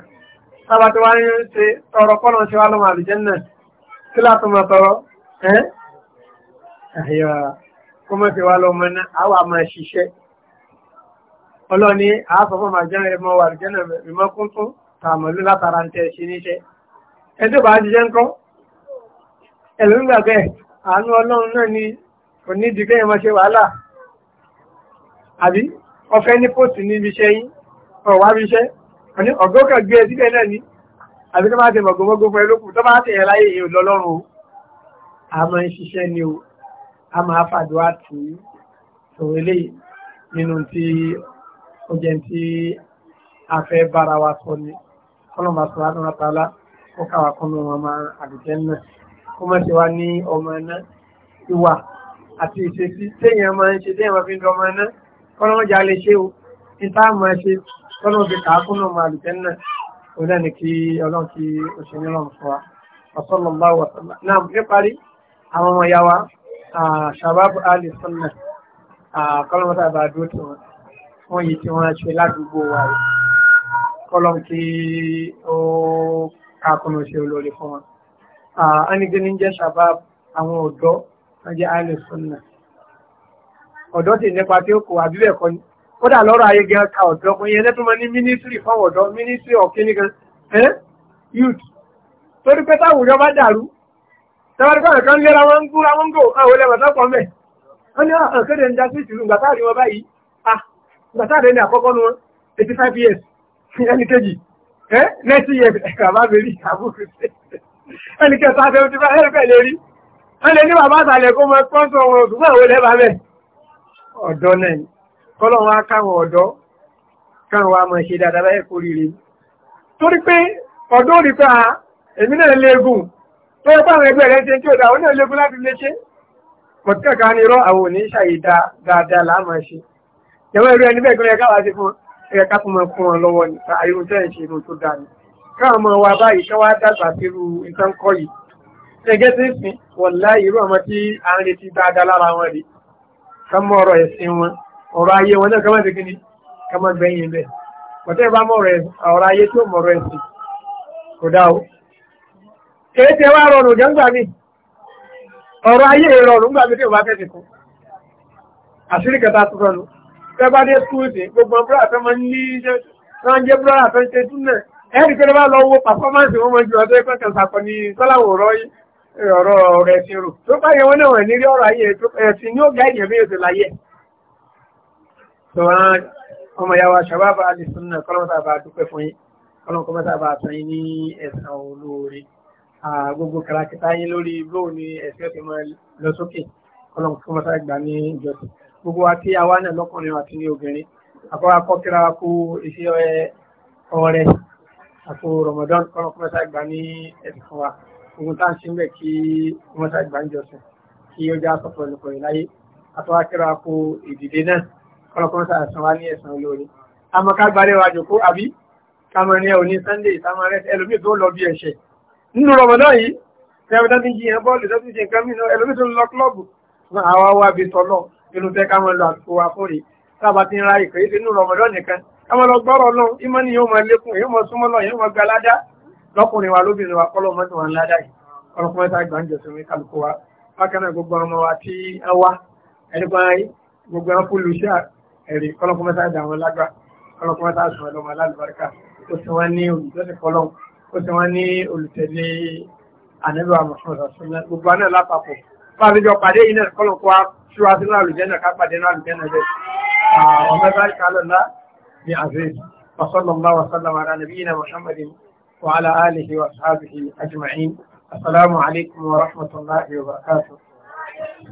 sábà tí wọ́n ń ṣe tọrọ kọ́nà ṣe wá lọ́mọ àlùjẹ́nà kí látọ̀ mọ̀ tọrọ ẹ́ ẹ̀yọ́ kó mọ̀ ṣe wá lọ́mọ náà àwọn àmọ́ ṣiṣẹ́ ọlọ́ni àásọ̀fọ́ màjẹ́rìn ẹ̀mọ́ wà àlùjẹ́nà ìmọ̀kún tún tààmọ̀lú látara ń tẹ́ ṣe níṣẹ́ ẹ tó bá ṣiṣẹ́ ń kọ́ ẹ̀lú ń gbàgbẹ́ àánú ọlọ́run náà ni kò ní ìdíkẹ́ àbí ọfẹ́ ní pòtù ní ibi iṣẹ́ yín ọ̀wá ibi iṣẹ́ àní ọ̀gọ́kà gbé ẹ náà ní àbí tó bá ti mọ̀gọ́mọ́gọ́ fún ẹlókù tó bá ti yẹn láyé èèyàn lọ́lọ́run o ni o a máa fàdúrà tì í sọ̀rọ̀ eléyìí nínú tí ó jẹ́ tí ni kọ́lọ́mà sọ̀rọ̀ àdúrà tààlà ó káwà kọ́nù ọmọ àdìjẹ́ náà kó má ṣe wá ní ọmọ náà ìwà àti ìṣesí téèyàn máa ń ṣe téèyàn máa fi ń dọ náà kọ́lọ́mọ́jà lè ṣe o níta mọ̀ ẹ́ ṣe tọ́lọ́ fi kàákùn náà máa lùtẹ́ náà ó lẹ́ni kí ọlọ́run kí oṣù ní ọlọ́run fún wa ọ̀sọ́lọ̀ bá wà sọ́lá náà ní parí àwọn ọmọ ya wa ṣàbábù alì sọ́nà kọ́lọ́mọ́tà bá dúró tí wọ́n wọ́n yìí tí wọ́n ṣe ládùúgbò wa rẹ̀ kọ́lọ́m kí ó kàákùn oṣù olórí fún wọn. a ní ní jẹ́ ṣàbábù àwọn ọ̀dọ́ wọ́n jẹ́ alì sọ́nà ọ̀dọ́ sì nípa tí ó kò àbíbẹ̀ kọ́ ni kódà lọ́rọ̀ ayé gan ka ọ̀dọ́ ọkùnrin yẹn lẹ́tún mọ́ ní mínísírì fáwọn ọ̀dọ́ mínísírì ọ̀kíní ẹ́ youth torí pé táwùjọ bá dàrú tẹ́wọ́n kọ́ nǹkan lera wọn ń gúra wọn ń ah gbàtà rẹ̀ ní eighty five years ẹni kejì ẹ next year bàbá bèrè àbúrò ẹni kẹta seventy five ẹni bẹ́ẹ̀ lè rí ẹni ní bàbá àtàlẹ̀ kó mọ pọ́ńtò wọn òṣùpọ̀ àwọn olè bàbá ọ̀dọ́ náà ni kọ́lọ́run wá káwọn ọ̀dọ́ káwọn wá mọ̀ ṣe dáadáa báyẹ̀ kó rire torí pé ọ̀dọ́ rí pé èmi náà léegun tó yẹ pàwọn ẹgbẹ́ rẹ̀ ṣe tí ó dá òun náà léegun láti lè ṣe mọ̀tíkàkà ni irọ́ àwọn òní ṣàyídá dáadáa láàmà ṣe ìyàwó ẹrú ẹni bẹ́ẹ̀ gbọ́dọ̀ káwá sí fún ẹ̀yẹ ká fún fún wọn lọ́wọ́ ní àyíkún tẹ́ ẹ̀ ṣe inú tó dáa ni káwọn ọmọ wa báyìí káwá dàgbà sírú nǹkan kọ́ yìí ṣẹgẹ́ sí sìn wọ̀n láì irú ọmọ tí à ń ká mọ ọ̀rọ̀ ẹ̀sìn wọn ọ̀rọ̀ ayé wọn náà ká má ti kíni ká má gbẹ̀yìn bẹ́ẹ̀ pọ̀tẹ́ bá mọ̀ ọ̀rọ̀ ayé tí ó mọ̀ ọ̀rọ̀ ẹ̀sìn kò dá o kéèké wá rọrùn gẹ́gbà mi ọ̀rọ̀ ayé rọrùn gbà mi tí ò bá fẹ́ ti kún àṣírí kẹta tó rọrùn tẹ́ bá dé skúl sí gbogbo brọ́dà tó máa ń ní ránjẹ́ brọ́dà tó ń ṣe túnẹ̀ ẹ̀rí pé wọ́n lọ wo pàfọ́mánsì wọn mọ̀ jù ọdún ẹ̀kọ́ ọ̀rọ̀ rẹ̀ ti rò tó bá yẹ wọ́n náà wọ̀n nírí ọ̀rọ̀ ayé ẹ̀sìn ní ó gá ìyẹ̀ bí ètò láyé tọ́wọ́n ọmọ yàwó ṣàbábà alìsùn náà kọ́lọ́mọ́ta bá dúpẹ́ fún yín kọ́lọ́mọ́ta bá tán yín ní ẹ̀sàn olóore gbogbo kàràkìtà yín lórí bó ni ẹ̀sìn ọ̀sẹ̀ máa lọ sókè kọ́lọ́mọ́ta gbà ní ìjọsìn gbogbo àti àwa náà lọ́kùnrin àti ní obìnrin àkọ́wà kọ́kíra kú Ramadan kọ́lọ́mọ́ta gbà ní wa ogun tá à ń ṣe ń bẹ̀ kí wọ́n ṣáà gbà kí ó já sọ̀tọ̀ lọ́pọ̀ ìláyé àtọwákẹ́rọ àpò ìdìde náà kọ́lọ́kọ́n sáà san wá ní ẹ̀sán olóore. àmọ́ ká gbàdé wa jòkó àbí kámọ́ ní òní sunday táwọn rẹ̀ ẹlòmíì tó lọ bí ẹ̀ṣẹ̀. nínú rọmọdọ́ yìí tẹ́wọ́ tó ti jí yẹn bọ́ọ̀lù tó ti ṣe nǹkan mìíràn ẹlòmíì tó lọ kílọ̀bù àwa wa bí tọ́lọ̀ inú tẹ́ kámọ́ lọ àtúkò wa fóre sábà ti ń ra ìpè é nínú rọmọdọ́ nìkan kámọ́ lọ gbọ́rọ̀ lọ lọ́kùnrin wa lóbìnrin wa kọ́lọ̀ mọ́tò wọn ládà yìí ọlọ́kùnrin tá gbà ń jọ sinmi kálukú wa bákan náà gbogbo ọmọ wa tí ẹ wá ẹni pa gbogbo ẹ fún lucia ẹ̀rí kọ́lọ́kùnrin tá dà wọn lágbà kọ́lọ́kùnrin tá sùn ọlọ́mọ alálùbáríkà ó sì wá ní olùjọ́sìn kọ́lọ́ ó sì wá ní olùtẹ̀lé ànẹ́bà mọ̀sánmọ́sán gbogbo àná lápapọ̀ wa ṣíwájú náà àlùjẹ́nà وصلى على نبينا محمد وعلى آله وأصحابه أجمعين السلام عليكم ورحمة الله وبركاته